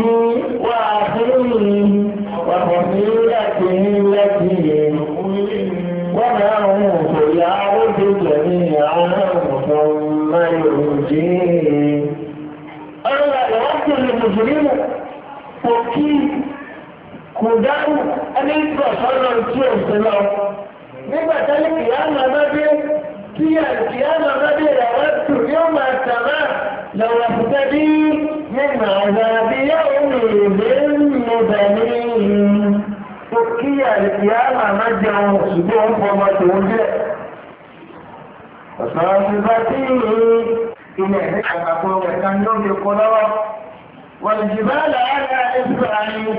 وأخيه وفصيلته التي وما هو المجرمين أنا يرد المجرم وكيل kùdánù ẹni gbọ̀ sọ́nà tí ò sí lọ. Nígbà tẹ́lẹ̀ kìí àmà mẹ́bí tí kìí àmà mẹ́bí rẹ̀ wá tù ní ó máa tàmá lọ́wọ́ fúnṣẹ́ bí nígbà àwọn àbí yóò mú ìwé nínú bẹ̀mí. Ó kí àlùkìí àmà mẹ́jọ ṣùgbọ́n ó fọmọ tòun jẹ́. صاحبته إلى هيك أقوى كان يوم يقول والجبال على إسرائيل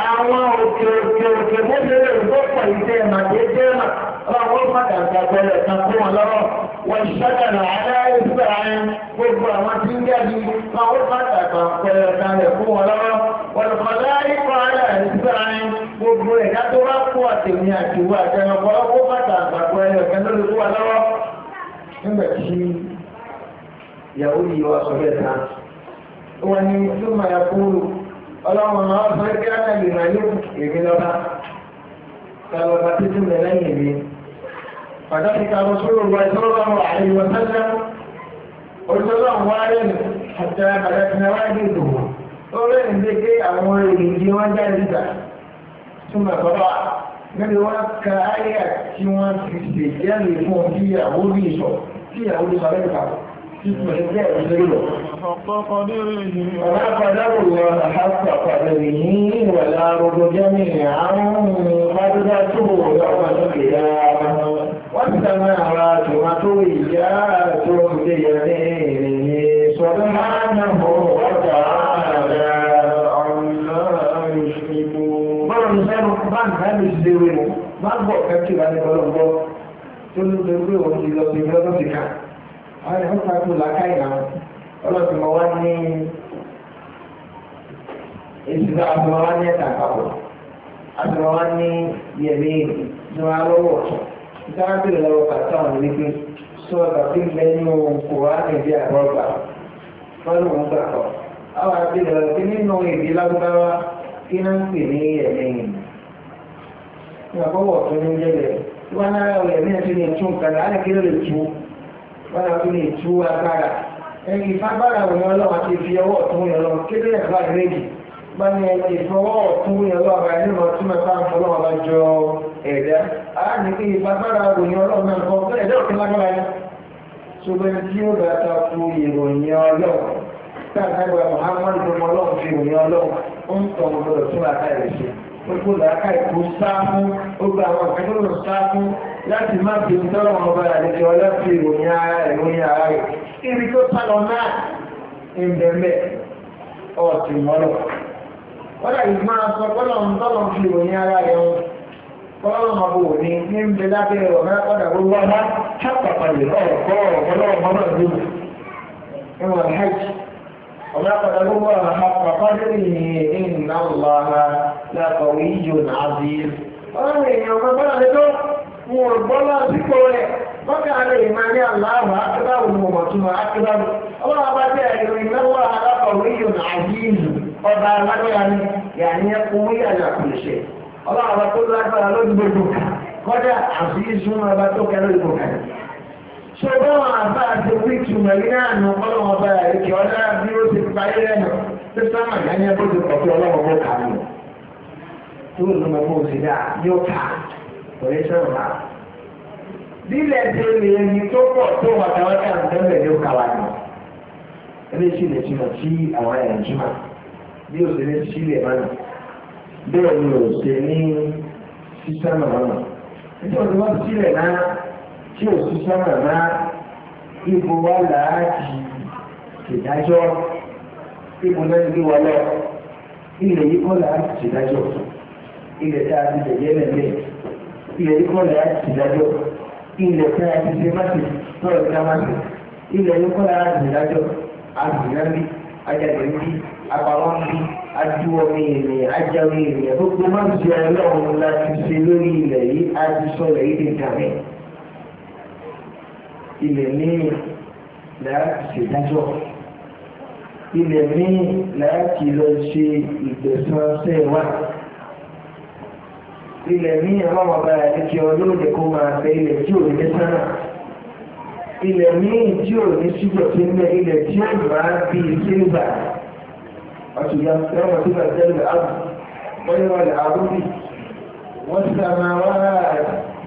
àwọn òkè òkè òkè mọ́tẹ́lẹ̀ ìgbọ́pọ̀ ìtẹ́ màdé jẹ́mà ọlọ́wọ́ pàtàkì àgbẹ̀rẹ̀ kan fún wọn lọ́wọ́ wọ́n ṣẹ́dàrà aláìsíra ẹ̀ gbogbo àwọn tí ń jáde ọlọ́wọ́ pàtàkì àgbẹ̀rẹ̀ kan rẹ̀ fún wọn lọ́wọ́ wọ́n kọ̀dá ikọ̀ aláìsíra ẹ̀ gbogbo ẹ̀dá tó bá kó àtẹ̀mí àtiwọ́ àtẹnukọ́ ọlọ́wọ́ pàtàkì àgbẹ̀rẹ̀ kan lórí fún wọn lọ́wọ́ nígbà tí ìyàwó yìí wá sọ bẹ́ẹ̀ tán wọn ni tó máa kúrò ọlọ́run máa ń fẹ́ kí ákàlì máa yóò èmi lọ́ba kálọ́ba títí mi lẹ́yìn mi pàtàkì kálọ́ sórí wa ìṣọ́lọ́ba wà àyè wọ́n sẹ́sẹ́ olùsọ́lọ́ wá rẹ̀ nù àti àbàdàtì náà wá dé ìdòwò ó rẹ̀ dé pé àwọn èrè wọn jáde dà túmọ̀ bọ́bá mẹ́rin wá ka àyà tí wọ́n ti ṣe jẹ́rìí fún ọ ìyàwó ní ìṣọ̀ tí ìyàwó ní sàlẹ̀ tí kò ní bẹ́ẹ̀ ní lọ. Ọ̀rá padà wò àhásà padà rè ní ìwà lárúgbó jẹ́mi àrùn Mádúdá tó wò lọ ọmọdé kìlá. Wọ́n ti sàn náà ra tòmátò ìyá tó ń gbé yẹn ní ìrìn bá nǹkan ẹ̀mí ti dé wéwọ́ má gbọ́ kẹ́kì láti gbọ́lọ́gbọ́ tó ló ṣe pé òun ti lọ sí ibi lọ́dún ti kà àwọn ẹ̀mí kan kú làákà ìlànà ọlọ́sìn mọ́ wá ní èsì náà àti mọ́ wá ní ẹ̀ta àpapọ̀ àti mọ́ wá ní yẹ̀mí ní wá lọ́wọ́ ìtara bèrè lọ́wọ́ pàtó àwọn ìlẹ́gbẹ́ sọ ọ̀gá tí ń nínú kò wá ní ìdí àgbọ̀gbà gbà kọ́ àwọn ìgbàgbọ́wọ̀ tó ní jẹ́lẹ̀ wọn nára ọ̀rẹ́ ní ẹ̀tún ní ètò nǹkan láti kí ló lè tú wọn náà tún ní ètú agbára ẹni ìfagbára òní ọlọ́wọ́ ti fi ọwọ́ ọ̀tún yẹn lọ kéde ẹ̀fọ́ àdírẹ́jì wọn ni ẹni ìfọwọ́ ọ̀tún yẹn lọ àbáyé nínú ọtún gbogbo làákà ìkó sáfù gbogbo àwọn akẹ́kọ̀ọ́ sáfù láti má fi tọ́lọ̀ ọba àlejò ọlọ́sì ìròyìn ara ìròyìn ara rẹ̀ ibi tó sálọ náà ń mọ́lọ̀. wọ́n dàbí máa sọ ń tọ́lọ̀ fi ìròyìn ara rẹ̀ wọn kọ́lọ̀ ọmọ bò ní ní ń bẹ lábẹ́ ọ̀rọ̀ náà kọ́dà gbogbo ṣàpàpàlẹ̀ ọ̀rọ̀ kọ́ ọ̀rọ̀ ونقبل الله حق قدره إن الله لقوي عزيز ọlọ́run èèyàn ọmọ bọ́lá ní tó wọn ò bọ́lá sípò rẹ̀ bọ́kà lè máa ní aláàbà akébáwò ní ọmọ tó máa akébáwò ọlọ́run abá tẹ ẹ̀rọ ìnáwó alákọ̀wé yòó ní àjíìlú ọba alágbára ni yàní ẹkùn yàrá àkùnṣe ọlọ́run abá tó lágbára lójú gbogbo kọjá àti ìṣúná abá tó kẹ́ lójú gbogbo kàdé ṣé báwọn àbá àti wí ìtumọ̀ yìí náà nù ọlọ́wọ́n bá rẹ̀ kí ọlá bí ó ti parí lẹ́nu tó sáwọn àgbáyé bó ti pọ̀ pé ọlọ́wọ́n bó kà mí. tó ló mọ fún òsì dáa yóò kà kò ní sọ̀rọ̀ bá. lílẹ̀ tí ó lè yí tó pọ̀ tó wàtàwàtà ńlẹ́lẹ̀ yóò kà wá nù. eléyìí lè túmọ̀ sí àwọn ẹ̀yàn jùmọ̀ bí òsì lè sílẹ̀ mọ́nà bẹ́ẹ̀ ni òsì ní sísá mọ̀ mọ́nà. nítorí tí ò sí sọ́nà náà ibo wa làájì ìdájọ́ ibo náà ní wa lọ ilẹ̀ yìí kọ́ làájì ìdájọ́ ilẹ̀ tá a ti tẹ̀yẹ́ lẹ́lẹ́ ilẹ̀ yìí kọ́ làájì ìdájọ́ ilẹ̀ tá a ti tẹ̀ má ti tọ́lọ̀ ká má ti ilẹ̀ yìí kọ́ làájì ìdájọ́ àgbìyànjú ajagbendi apamọ́nbi adúwọ́mi ènìyàn ajáwé ènìyàn gbogbo má ti ṣe ọlọ́run láti ṣe lórí ilẹ̀ yìí á ti sọ ilẹ̀ yìí dé dàmí ilẹ̀ míì láti ṣèdájọ́ ilẹ̀ míì láti lọ ṣe ìgbẹ̀sánṣẹ́ wa ilẹ̀ míì ọlọ́wọ́ bá àdékè ọlọ́ọ̀dẹ kó máa fẹ́ ilẹ̀ tí ò ní sánà ilẹ̀ míì tí ò ní ṣúgbọ̀n tí ń bẹ ilẹ̀ tí ó máa bí sílvà ọ̀tún yà wọ́n ti bá tẹ́lẹ̀ àbù wọ́n yẹ wọ́n lè wọ́n ti sàmà wá rà rà.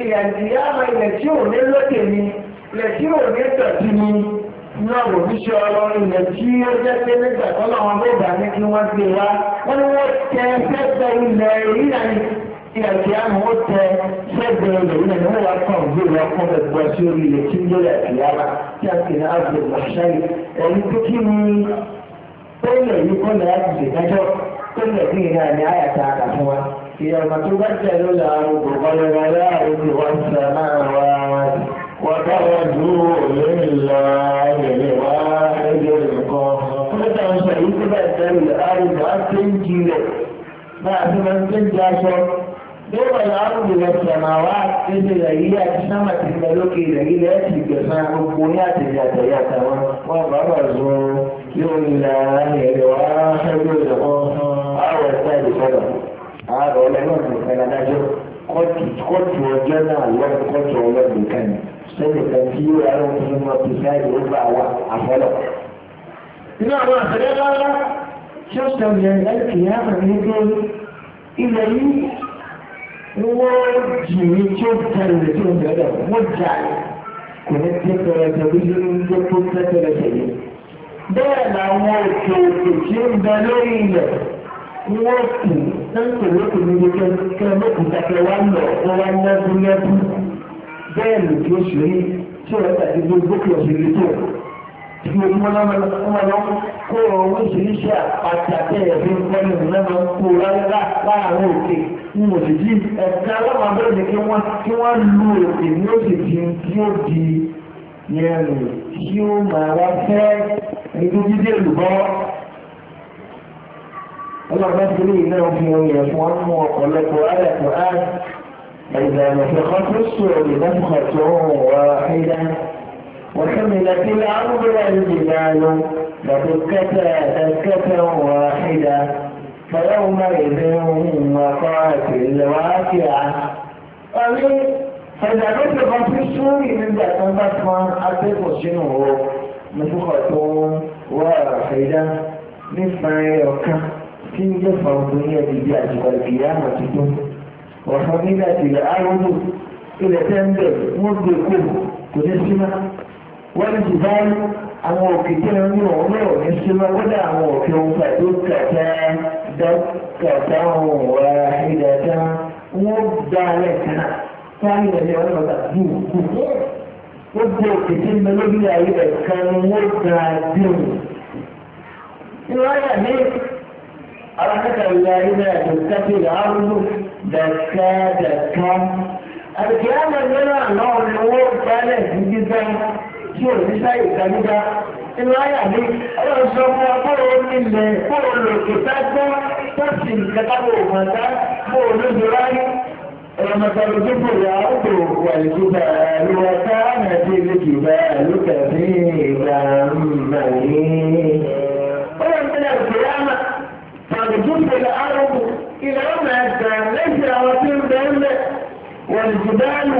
ilẹ̀ àdìyá àwọn ilẹ̀ tí ò ní lókè ni ilẹ̀ tí ò ní tẹ̀sí ni náà wò ní ṣe ọlọ́run ilẹ̀ tí ó jẹ́ pé nígbà tó làwọn bó bá ní kí wọ́n gbé wá wọ́n ní wọ́n tẹ sẹ́gbẹ̀ ilẹ̀ ìrìnà ilẹ̀ tí a mọ̀ tẹ sẹ́gbẹ̀ ilẹ̀ ìrìnà ni wá kàn gbé wá fún ẹgbẹ́ sí orí ilẹ̀ tí ó lẹ̀ tì yára tí kí á ti يوم تبدل الأرض غير الأرض والسماوات وبرزوا لله الواحد القهار فإذا سيتبدل الأرض التنجيل بعد ما تنجاشر دور الأرض والسماوات إذا هي سمت الملوك إذا هي تجمع الكونات ذاتياتها وبرزوا لله الواحد القهار أو الثالث àárọ̀ ọlọ́run nìkan ládájọ́ kóòtù kóòtù ọjọ́ náà lọ́wọ́ kóòtù ọlọ́run nìkan ni sẹ́yìn kan tí yóò yára wọn fún wọn ti sáyẹn ó bá wa àfọlọ́. nínú àwọn àṣẹjọ́ lọ́wọ́ tí ó sọ yẹn láti yá àwọn ilé ilẹ̀ yìí wọ́n jì mí tí ó tẹ̀lé rẹ̀ tí ó tẹ̀lé wọ́n jà kò ní tẹ́tẹ̀ rẹ̀ tẹ̀lé ló tó tẹ́tẹ̀ rẹ̀ tẹ̀lé. bẹ́ẹ̀ làwọn òkè òkè tí ó ń bẹ lórí ilẹ̀ wọ́n kù sáńkì lókè níbi kẹ́ lókè kẹ́kẹ́ wá lọ wọ́n wá lẹ́bú lẹ́bú bẹ́ẹ̀ ló tí ó ṣe rí tí ó rẹ̀ tàbí gbókè ọ̀sẹ̀ lé tó tí ó mọ́ lọ́mọ lọ́mọ kó ọ̀rọ̀ oríṣiríṣi àpàtì àtẹ̀yẹ̀ fi ń kọ́ nínú lẹ́nu kó rárá láàárọ̀ òkè ń wò sí jí ẹ̀ka ọlọ́mọ abẹ́rẹ́ ni kí wọ́n kí wọ́n lu òkè ní òsì di tí ó di yẹn tí ó máa wá fẹ́ ẹni tó jíjẹ́ lùbọ́ أنا ما rí iná fi oyè fún wọn mú ọ̀pọ̀lọpọ̀ àdàpọ̀ á ìlànà ìfẹ́kọ́ tó sọ̀rọ̀ ìdáfọ̀ وحملت الأرض والجبال فدكتا دكة واحدة فيومئذ وقعت الواقعة فإذا نفخ في السور من ذات النفخه أتت شنو نفخة واحدة نفخة tí ń lè fa obìnrin ẹni bí àjùmọ̀ ìyá àmọ̀ tuntun ọ̀sán nígbà tí ilẹ̀ arúgbó ilẹ̀ tẹ́ ń bẹ̀ wọ́n gbé kó kò ní símá wọ́n ti bá àwọn òkè tí wọ́n ní ọ̀hún náà ní símá wọ́n dá àwọn òkè ohun pàtó kàtá kàtá ohun ọ̀rá ìdàtà wọ́n dá alẹ́ kan sáré ìrẹ̀lẹ̀ wọn lọ́ta bí òkú wọ́n gbé òkè tí ń bẹ lórí ayé rẹ̀ kan wọ́n dá dé an haka yayi na da tafi da hannu da ka da ka alkiyamar yana na wani wọ́n balẹ̀ gígígá tí ò ní sáyé ìtàgídá inú ayà mi ọlọ́run sọ fún wa bóyá ó nílẹ̀ bóyá lòkè dágbọ́ tó sì ń kẹta bò wọ́n dá bóyá lójú ráyé ọlọ́mọdé tó kò yá ó tó wà ìjọba ló wá ká àmì àti ìlú kìí bá ìgbà ń bà فبتنزل الأرض إلى يوم الدار ليس رواتير بأمة والجبال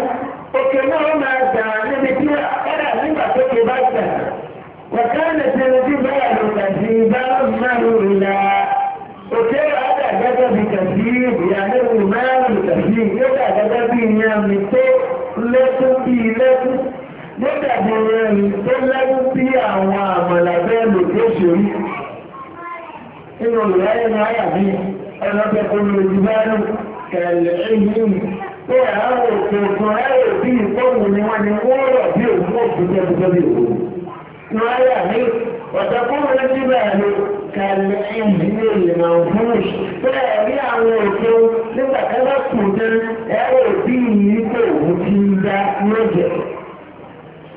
وكلهم الدار بكلا أنا لما تكبت وكانت الجبال كثيبا مهولا وكان هذا جدا بكثير يعني المال بكثير يبقى جدا بنعمته لكم بي لكم يبقى بنعمته لكم بي أعوام لبين بكثير nínú olùwáyé ní àyà bí ọlọ́pẹ́ olùdíbárò kẹlẹ̀ ẹ̀yìn pé àwọn òkè òkun ayé bí ìfọ́nù ni wọ́n ní wọ́n rọ̀ bí òkú òkú tẹ́tẹ́ bí òkú. ní àyà bí ọ̀tọ̀kùnrin olùdíbárò kẹlẹ̀ ẹ̀yìn ní ìlànà fúnùs pé ẹ̀rí àwọn òkè nígbà kẹ́lá kùn tẹ́ ẹ̀rọ bí ìyíkọ̀ òkú ti ń dá lójẹ̀.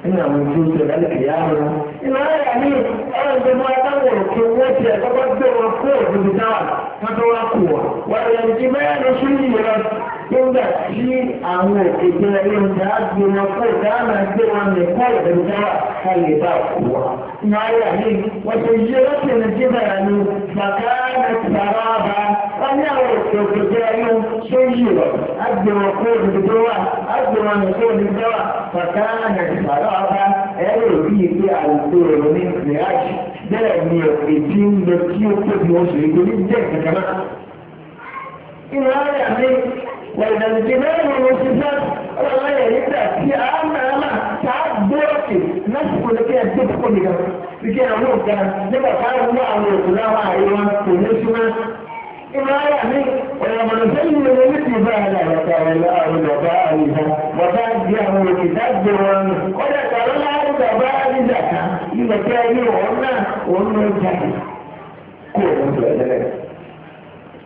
nínú àwọn ojú oṣù ẹ̀dá lẹ́kẹ̀ẹ́ yá wọn. ìlú ayà ní ọ̀rọ̀ ìjọba adáwọ̀ òkè wọ́n ti ẹ̀kọ́kọ́ gbé wọn kó òbí dáwà wọ́n tó wá kù wọ́n. wọ́n yẹ kí bẹ́ẹ̀ ló sún yìí lọ nígbà tí àwọn òkè gbé ẹ̀yẹ́ ń dá gbé wọn kó dáná gbé wọn lè kó òbí dáwà ká lè bá kù wọ́n. náírà yìí wọ́n ti yé lókè nàìjíríà ni bàbá nàìjíríà bá wọ́n ní àwọn òkèèrè ẹnu tó yí rọ̀ agbèrò kó òdìdó wà agbèrò ọ̀nà kó òdìdó wà bàbá nàìjíríà bá ẹ̀rọ òbí ìgbé àwùjọ rẹ̀ ní ìrìnàjò bẹ́ẹ̀ ni èdè ń lọ kí ó tóbi wọn sì rí ní jẹ́ ìkàkàmá. ìrìnàjò mi wà ìdàgbàsókè mẹ́rin ló ti lásìkò ní kí ẹ gbé púpọ̀ nìkan ní kí àwọn nǹkan nígbà táwọn mú àwọn òkú náà wà ayé wọn kò ní súná. Ìmọ̀ ayà mi ọ̀rọ̀ mọ̀nà sẹ́yìn ní omi ti bá àdá àbàtà ọ̀la àwọn bàbá àyíká bàbá àgbé àwọn òkè dágbé wọn nù. Kọ́dà tààrà láàrín bàbá àyíká kan ìgbà tí ayé wọn náà òun ló jáde kó o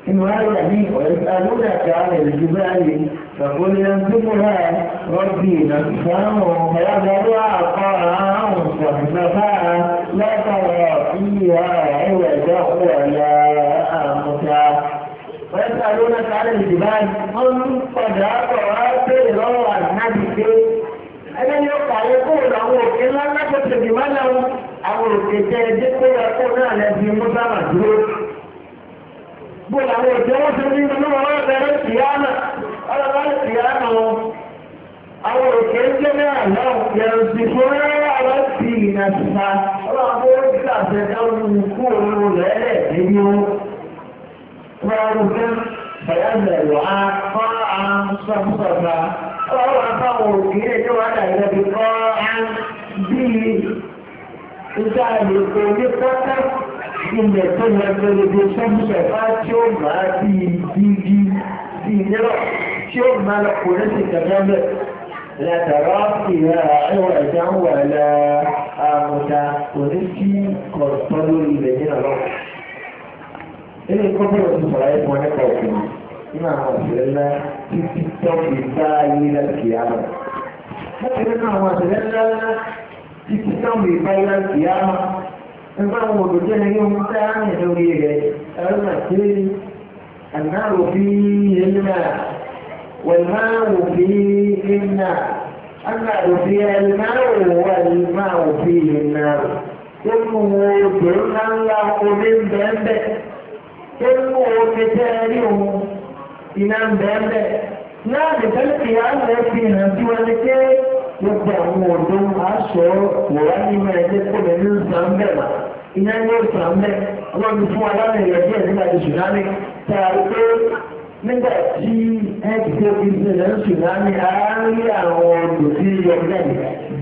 إنه هذا يعني ويسألونك عن الجبال فقل ينزلها ربي نفسا فيذرها قاعا صحفا لا ترى فيها عوجا ولا أمتا ويسألونك عن الجبال قل قد أقرأت روى النبي ẹgbẹ́ni ó kàwé kóòlù àwọn òkè ńlá ńlá tó tẹ̀lé mọ́lá àwọn òkè tẹ́ ẹdí kóòlù ẹ̀kọ́ náà lẹ́bi mọ́sálà dúró bó làwọn ìjọ wọn ṣe ní inú wọn wọn bẹ̀rẹ̀ tìyánà ọlọ́pàá tìyánà wọn àwọn òkè ń jẹ náà náà yẹn ti fún rárá àwọn ti ìnà síta ọlọ́pàá tó ń gbà ṣe dáhùn kú òun lẹẹlẹ èyí ó wọn ń fẹ́ fẹyàmẹ wà á kọ à ń sọmsọta ọlọ́pàá táwọn òkè ẹjọ́ wà dàgbẹ bí kọ à ń bí ìjà ìlú kò ní pátá ilẹ̀ tó yẹ gbẹgbẹgbẹ sọ́mùsọ̀ bá tí ó máa bí igi bí ìlérò tí ó máa lọ kò ní sí kẹ̀kẹ́ látara ìhà ẹwà ilé ìkọ́bọ̀rọ̀ ti sọ̀rọ̀ ayé nípa òkú nínú àwọn àṣìlẹ̀ títí tó fi láti àmọ̀. láti nígbà wọn ò dòjé ní ohun tá a rìn lórí rẹ̀ ẹ̀rọ àti ànáàrò fi ẹ̀yìnà wẹ̀lmáàrò fi ẹ̀yìnà ànáàrò fi ẹ̀lmáàrò wẹ̀lmáàrò fi ẹ̀yìnà nínú odò ńláńlá omi ń bẹ́ẹ̀ bẹ́ẹ̀ nínú omi tẹ́ ẹ rí òun iná ń náà nìkan kìí á lọ hàn bí wọn ní pé gbogbo àwọn ọ̀dọ́ aṣọ wòrán nínú ẹgbẹ́ pọ̀lẹ̀ ní sàmbẹ̀ mà iná ní sàmbẹ̀ ọlọ́run fún wa lánàá ìrẹ̀lẹ́ díẹ̀ nígbà tí tsunami ta pé nígbà tí ẹgbẹ́ ìṣẹ̀lẹ̀ tsunami á rí àwọn ọ̀dọ́ sí yọ̀ọ̀dẹ́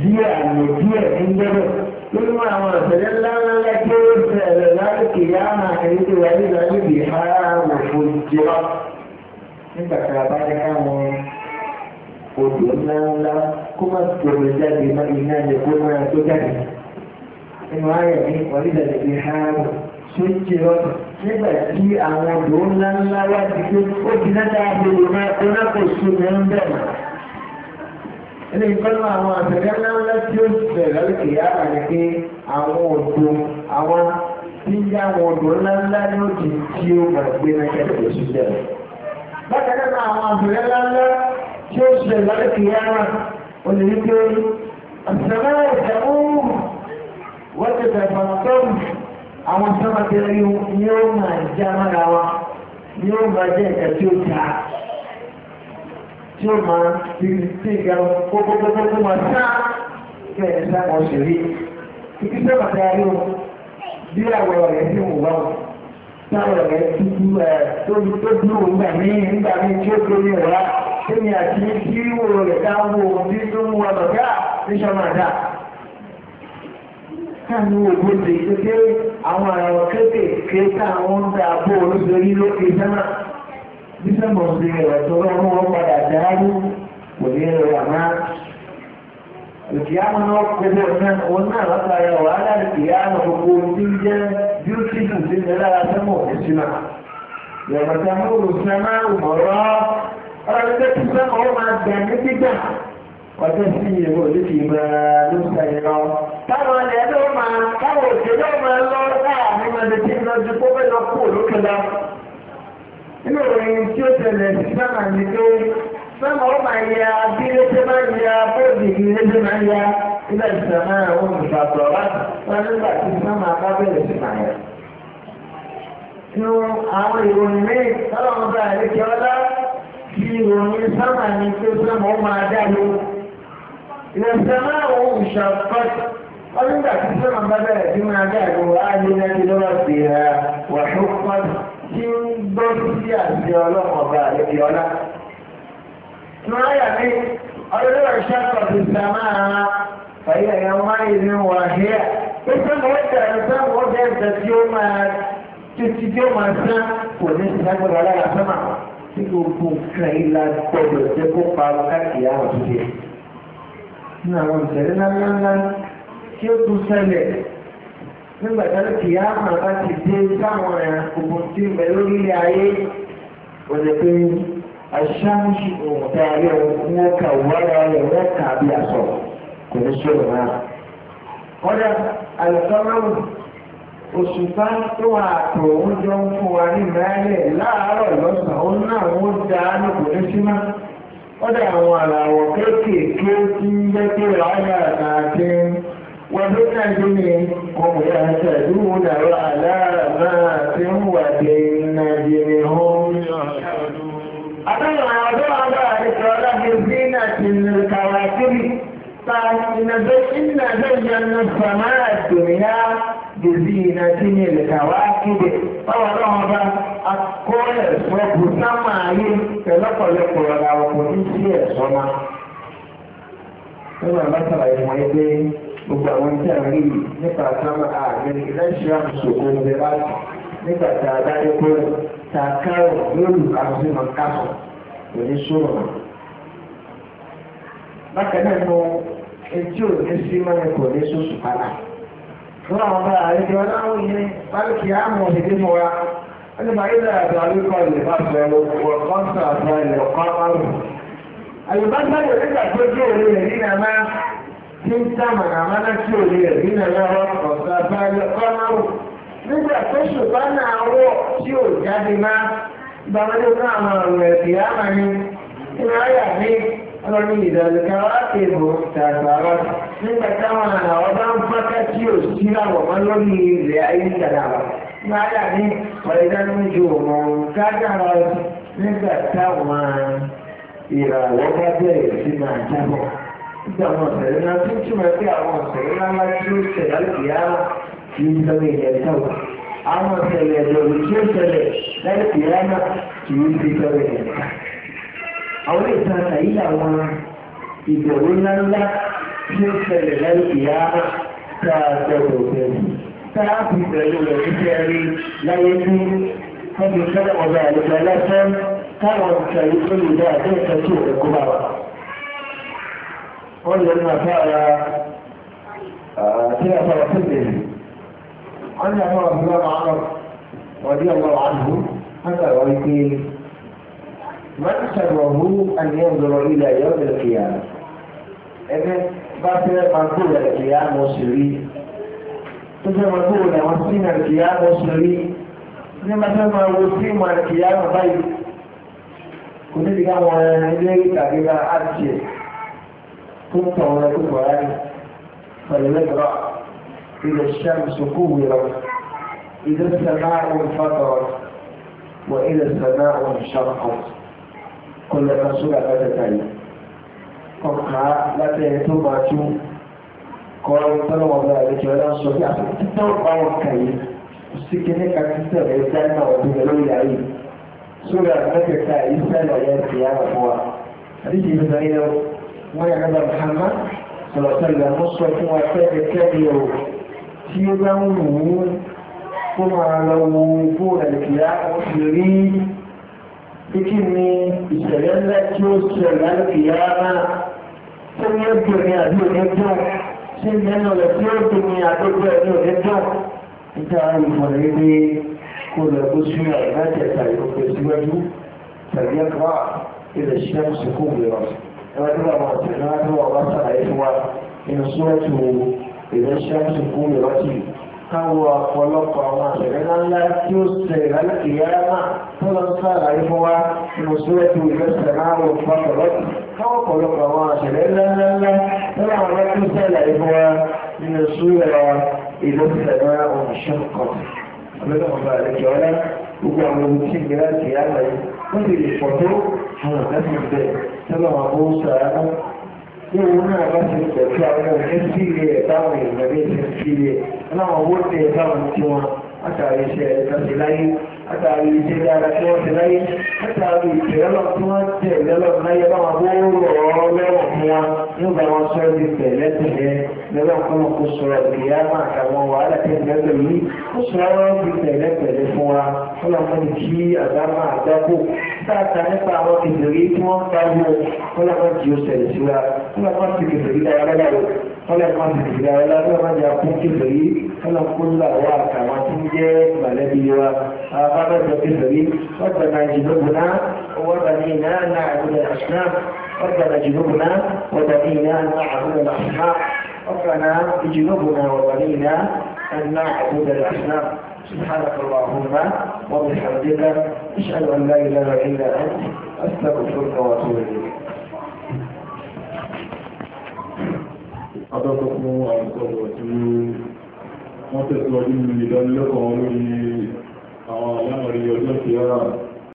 díẹ̀ àmì díẹ̀ nígbẹ́rẹ́ nínú àwọn àṣẹlẹ̀ ńláńlá tí ó bẹ̀rẹ̀ lálùkì yá máa ẹni tó wà nígbà níbi ìhárà òfò ìjọba nígbà tí a bá ní káwọn odò ńlá ńlá kó má tòrò jáde má iná lè kó má tó jáde. Inú ayọ̀ ní ọ̀rílẹ̀ èdè Háàmù ṣó jẹ́ ọ̀nà nígbà tí àwọn odò ńlá ńlá wá ti pé ó di náà àbúrò náà ó náà kò sùn ní ń bẹ̀ mọ́. Ilé ìkọ́nù àwọn àtẹ̀lẹ́ ńlá ńlá tí ó bẹ̀rẹ̀ lókè yára ni pé àwọn odò àwọn tí ń yá àwọn odò ńlá ńlá ní òdì tí ó gbàgbé náà kẹ́kẹ́ bákan náà àwọn àtẹ̀lẹ́ ńlá ńlá tí ó ṣe lọ́dọ̀ kìíyàwó olùdíje ọ̀sẹ̀rẹ̀ ìjàmú wọ́n ti tẹ̀sán tọ́m àwọn sọ́mọ́tẹ́rì ni ó máa jẹ́ amára wa ni ó máa jẹ́ ẹ̀ka tí ó ta tí ó máa ti ti ga kókókókó máa sá kí ẹ̀ sá wọn sì rí ibi sọ́mọ́tẹ́rì o bí àwọn ọ̀rẹ́ ti wù wá o táwọn ọ̀rẹ́ tuntun ẹ̀ tó dúró nígbà míì nígbà míì tí ó kéré wá kémi àti kí wo rẹ̀ ká wo bí tó mú wa lọ gáà ní sọ́mà dà. Káàní wo bó ṣe kéke àwọn àrùn kéékèèké táwọn ń dà bó olóṣèlú lókè sẹ́mà. Bí sẹ́mà ṣe rẹ̀ tó lọ́wọ́ wọn padà dáadú kò ní rẹ̀ àmá. Ìkìyàmù náà kọ́kọ́ náà òun náà látara wàhálà ìkìyàmù gbogbo tí ń jẹ́ bíútífù sí ní lára sẹ́mà sí náà. Yàrá ọ̀rọ̀ tó ti fẹ́ kọ́ máa gbà ní gbígbà ọjọ́ sí ìyẹ̀wò olùdí máa ló ń sẹ́yìn lọ. táwọn ilẹ̀ ló máa táwọn òkè ló máa lọ láàrin máa lè ti lọ ju kó fẹ́ lọ kú òlókè lọ. nínú ìròyìn tí ó tẹ̀lẹ̀ sí sáà ní pé sáà ó máa ya bí léṣe máa ń ya bóòdì kì í léṣe máa ń ya ilé ìsàmà àwọn olùgbàgbọ́ wá nígbà tí sáà bá bẹ̀rẹ̀ sí máa yà. nínú àwọn ìròyìn míì táwọn ọba àlejò ọlá kí ìròyìn sábà ní pé sọ́mọ́ máa dá ló. ìrẹsẹ̀ máa wọ ìṣàpáì wọ́n nígbà tí sọ́mọ́ bá bẹ̀rẹ̀ sí máa dá ló áyé láti lọ́wọ́ sí ẹ̀ wàhálà pàtó tí ń gbọ́ sí àti ọlọ́mọba àti ọlá. Nọ́ọ̀yà ni ọlọ́dọ̀ ìṣàkọ̀ ti sàmà ara fàyẹ̀ ẹ̀yàn máa ìlú wà híà. Ó sábà ó dẹ̀rẹ̀ sábà ó dẹ̀rẹ̀ tí ó máa títí tí ó máa sán kò ní tí gbogbo nǹkan ìlà gbọdọ̀ jẹ́ kó pa káàkiri àwọn òṣìṣẹ́ nínú àwọn ìṣẹ̀lẹ̀ ńláńlá tí ó tún ṣẹlẹ̀ nígbà tí wọ́n ti yá àwọn bá ti dé sáwọn ẹ̀rọ gbogbo tí ń bẹ lórí ilé ayé wọ́n lè pe aṣáájú ohun tá a kà wọ́ra rẹ̀ wọ́n kà bí aṣọ kò ní sọ̀rọ̀ náà. kọ́dà àlùfáà òṣùpá tó ààtò òun jọ ń fún wa ní ìrẹ́lẹ̀ láàárọ̀ lọ́sàn-án òun náà wọ́n da lóko ní símá kọ́dà àwọn àlàwọ̀ kéékèèké tí ń jẹ́ pé wàhálà àti wọ́n tó dájú ní ọmọ ìyá àtàdé wọn dàrọ àlàrà náà ti ń wà dé nàìjíríà hàn. àtàwọn àdó àgbà àti sọ́lá bí náà ti ń kàwá síbi. فإن زينا السماء الدنيا بزينة الكواكب ọlọ́run bá akọ́ ẹ̀sọ́ kù sámà ayé pẹ̀lọ́pọ̀lọpọ̀ ọ̀la ọkùnrin sí ẹ̀sọ́ máa. Nígbà bá sàlàyé wọn yé pé gbogbo àwọn tí a rí nípa sámà àmì lẹ́sìn àmùsòkò ọ̀gbẹ́ bá tù nígbà tá a dá yẹpẹ́ tá a kárọ̀ lórí àti màkàtọ̀ òní sọ̀rọ̀. Bákan náà etí ò ní sí mọ́ni kò ní sọ́sù padà. fún àwọn bá àlejò aláwọ̀ yìí bálùkì àmọ̀ òṣèlú mọ́ wa wọ́n ti máa ń dára àti àlùkò ìlẹ̀bá pẹ̀lú wọ̀kọ́ńtà àti ìlẹ̀kọ́ márùn. àlùbáṣá yóò nígbà tó dé òní rẹ̀ nínú àmá tí ń tàmà àmá náà tí òní rẹ̀ náà wọ̀ tí ò jáde má gbàmọ́dé náà àwọn ọ̀rọ̀ ọlọ́run ìdàlùkà wá kébò tàbára nígbà táwọn àwọn bá ń fọ́ká tí ò sí àwọ̀ mọ́ lórí ilẹ̀ ayé ìtàdàbà máa yà ní ọ̀rẹ́dánújò mọ̀ kájàrà nígbà táwọn ìràwọ̀ bá bẹ̀rẹ̀ sí máa jábọ̀ nígbà àwọn ọ̀sẹ̀rẹ̀ náà tó túmọ̀ pé àwọn ọ̀sẹ̀rẹ̀ náà tí ó ṣẹlẹ̀ kìá kì í sọ ilẹ̀ táwọn àwọn ọ̀sẹ̀rẹ̀ lòlù tí ó ṣẹlẹ̀ lẹ́yìn kìá náà kì í sọ ilẹ̀ táwọn àwọn ìtàn àtàyí àwọn ìbẹ̀wò ńláńlá tí ó ṣẹlẹ̀ láì ìyá tá a gbọdọ̀ bẹ̀rù tá a fi pẹ̀lú rẹ̀ níṣẹ́ rí láyé ní wọ́n fi fẹ́ ọba àlejò aláṣán táwọn ìtàyí tó lè dá àdé ìtọ́jú ẹ̀kọ́ bá wa. wọ́n lè ní àfáàrà tí àfáàrà tó lè rí. wọ́n ní àfáàrà bí wọ́n máa ń lọ wọ́n dí ọgbà wàhálù wọ́n من سبوه أن ينظر إلى يوم القيامة إذا إذن ما في منظور القيامة مصري تجي منظور وصين القيامة مصري لما تجي وصين القيامة بيت كنت تجي وانا نجي تجي أرشي كنت وانا كنت وانا فلنقرا إذا الشمس كورت إذا السماء انفطرت وإذا السماء انشرقت kó lọ ka sóra látẹ̀ka yìí kọ̀ọ̀ká látẹ̀yẹ tó máa tún kọ́ tọ́lọ́wọ́ bá rẹ̀ jọ lọ sọ pé àti títọ́ báwọn kà yìí sí kíní ka títẹ̀ rẹ̀ dá náà wọ́n bẹ̀rẹ̀ lórí ayé sóra látẹ̀ka yìí sẹ́lẹ̀ yẹn ti yára fún wa àdìsí ìfẹ́ yẹn wọ́n yà nígbà Muhammad sọ̀rọ̀sọ̀ ìlànà sọ fún wa fẹ́ẹ̀kẹ́ni o tí ó bá ń wù kíkí ni ìṣẹ̀lẹ̀ ńlá tí ó ṣẹlẹ̀ àlùkìyà náà tó ní ẹgbẹ́ ní àbí òní dùn ṣé ìyẹn lọ tí ó dùn ní àdógbò ẹni òní dùn níta ìfọ̀nà ilé kó lọ kó sí àìláti ẹ̀ka ìkókò síwájú tàbí ẹ̀ka ilẹ̀ ṣẹ́ sùkúù mìíràn ẹ̀ka tó wà wọ́n ti ẹ̀ka tó wà wọ́n sàlàyé fún wa ìrìnsúwọ́tò ilẹ̀ ṣẹ́ sùkúù mìíràn káwọ ọ̀pọ̀lọpọ̀ àwọn àṣẹ̀rẹ́ ńláńlá tí ó ṣẹlẹ̀ lálẹ́kì yára náà tó lọ sí àlàyé fún wa nínú síwájú ìgbésẹ̀ márùn pàtàkì káwọ ọ̀pọ̀lọpọ̀ àwọn àṣẹ̀rẹ́ ńláńlá tó lọ́wọ́ rẹ̀ tó ṣẹlẹ̀ fún wa nínú síwájú ìgbésẹ̀ márùn ṣọ́kọ̀. ọlọ́dọ̀ ọba àlejò ọlá gbogbo àwọn ohun tí ìgbéra ti yára yìí ó sì lè pọ̀ tó àwọn àtẹ́sùn bẹ́ẹ̀ tẹ́lọ̀ àwọn ó sàárá tí owó náà bá ti pọ̀ sí àwọn òní sílé ẹ̀ táwọn èèyàn lè ṣe sílé ẹ̀ náà owó tẹ̀ táwọn tí wọ́n látàrí iṣẹ́ ẹ̀ tó ti láyé látàrí iṣẹ́ dára tí wọ́n ti láyé látàrí ìtẹ̀lọ́ tí wọ́n tẹ̀lé lọ láyé bá wọn bó rọ̀ ọ́ lẹ́wọ̀n fún wa nígbà wọn sọ ti tẹ̀lé tẹ̀lé lọ́wọ́ fún wọn kó sọ̀rọ̀ ìyá máa tàwọn wàhálà tẹ̀lé pẹ̀lú ó sọ̀rọ̀ ti tẹ̀lé pẹ̀lú fún wa fún wọn fún kí àdámà àdákò sáàtà nípa àwọn ìbèrè tí wọ́n ń pariwo fún wọn kí ó ṣẹlẹ̀ sí wa fún wọn kí ó ṣẹlẹ̀ sí wa lọ́dọ̀ ربنا جنوبنا وبنينا نعبد الأصنام ربنا ربنا جنوبنا وبنينا أن نعبد الأصنام سبحانك اللهم وبحمدك أشهد أن لا إله إلا أنت أستغفرك وأتوب إليك أدركم وأنكم wọ́n tẹ̀síwájú nínú ìdánilẹ́kọ̀ọ́ lórí àwọn alámọ̀rí ọjọ́ ìyára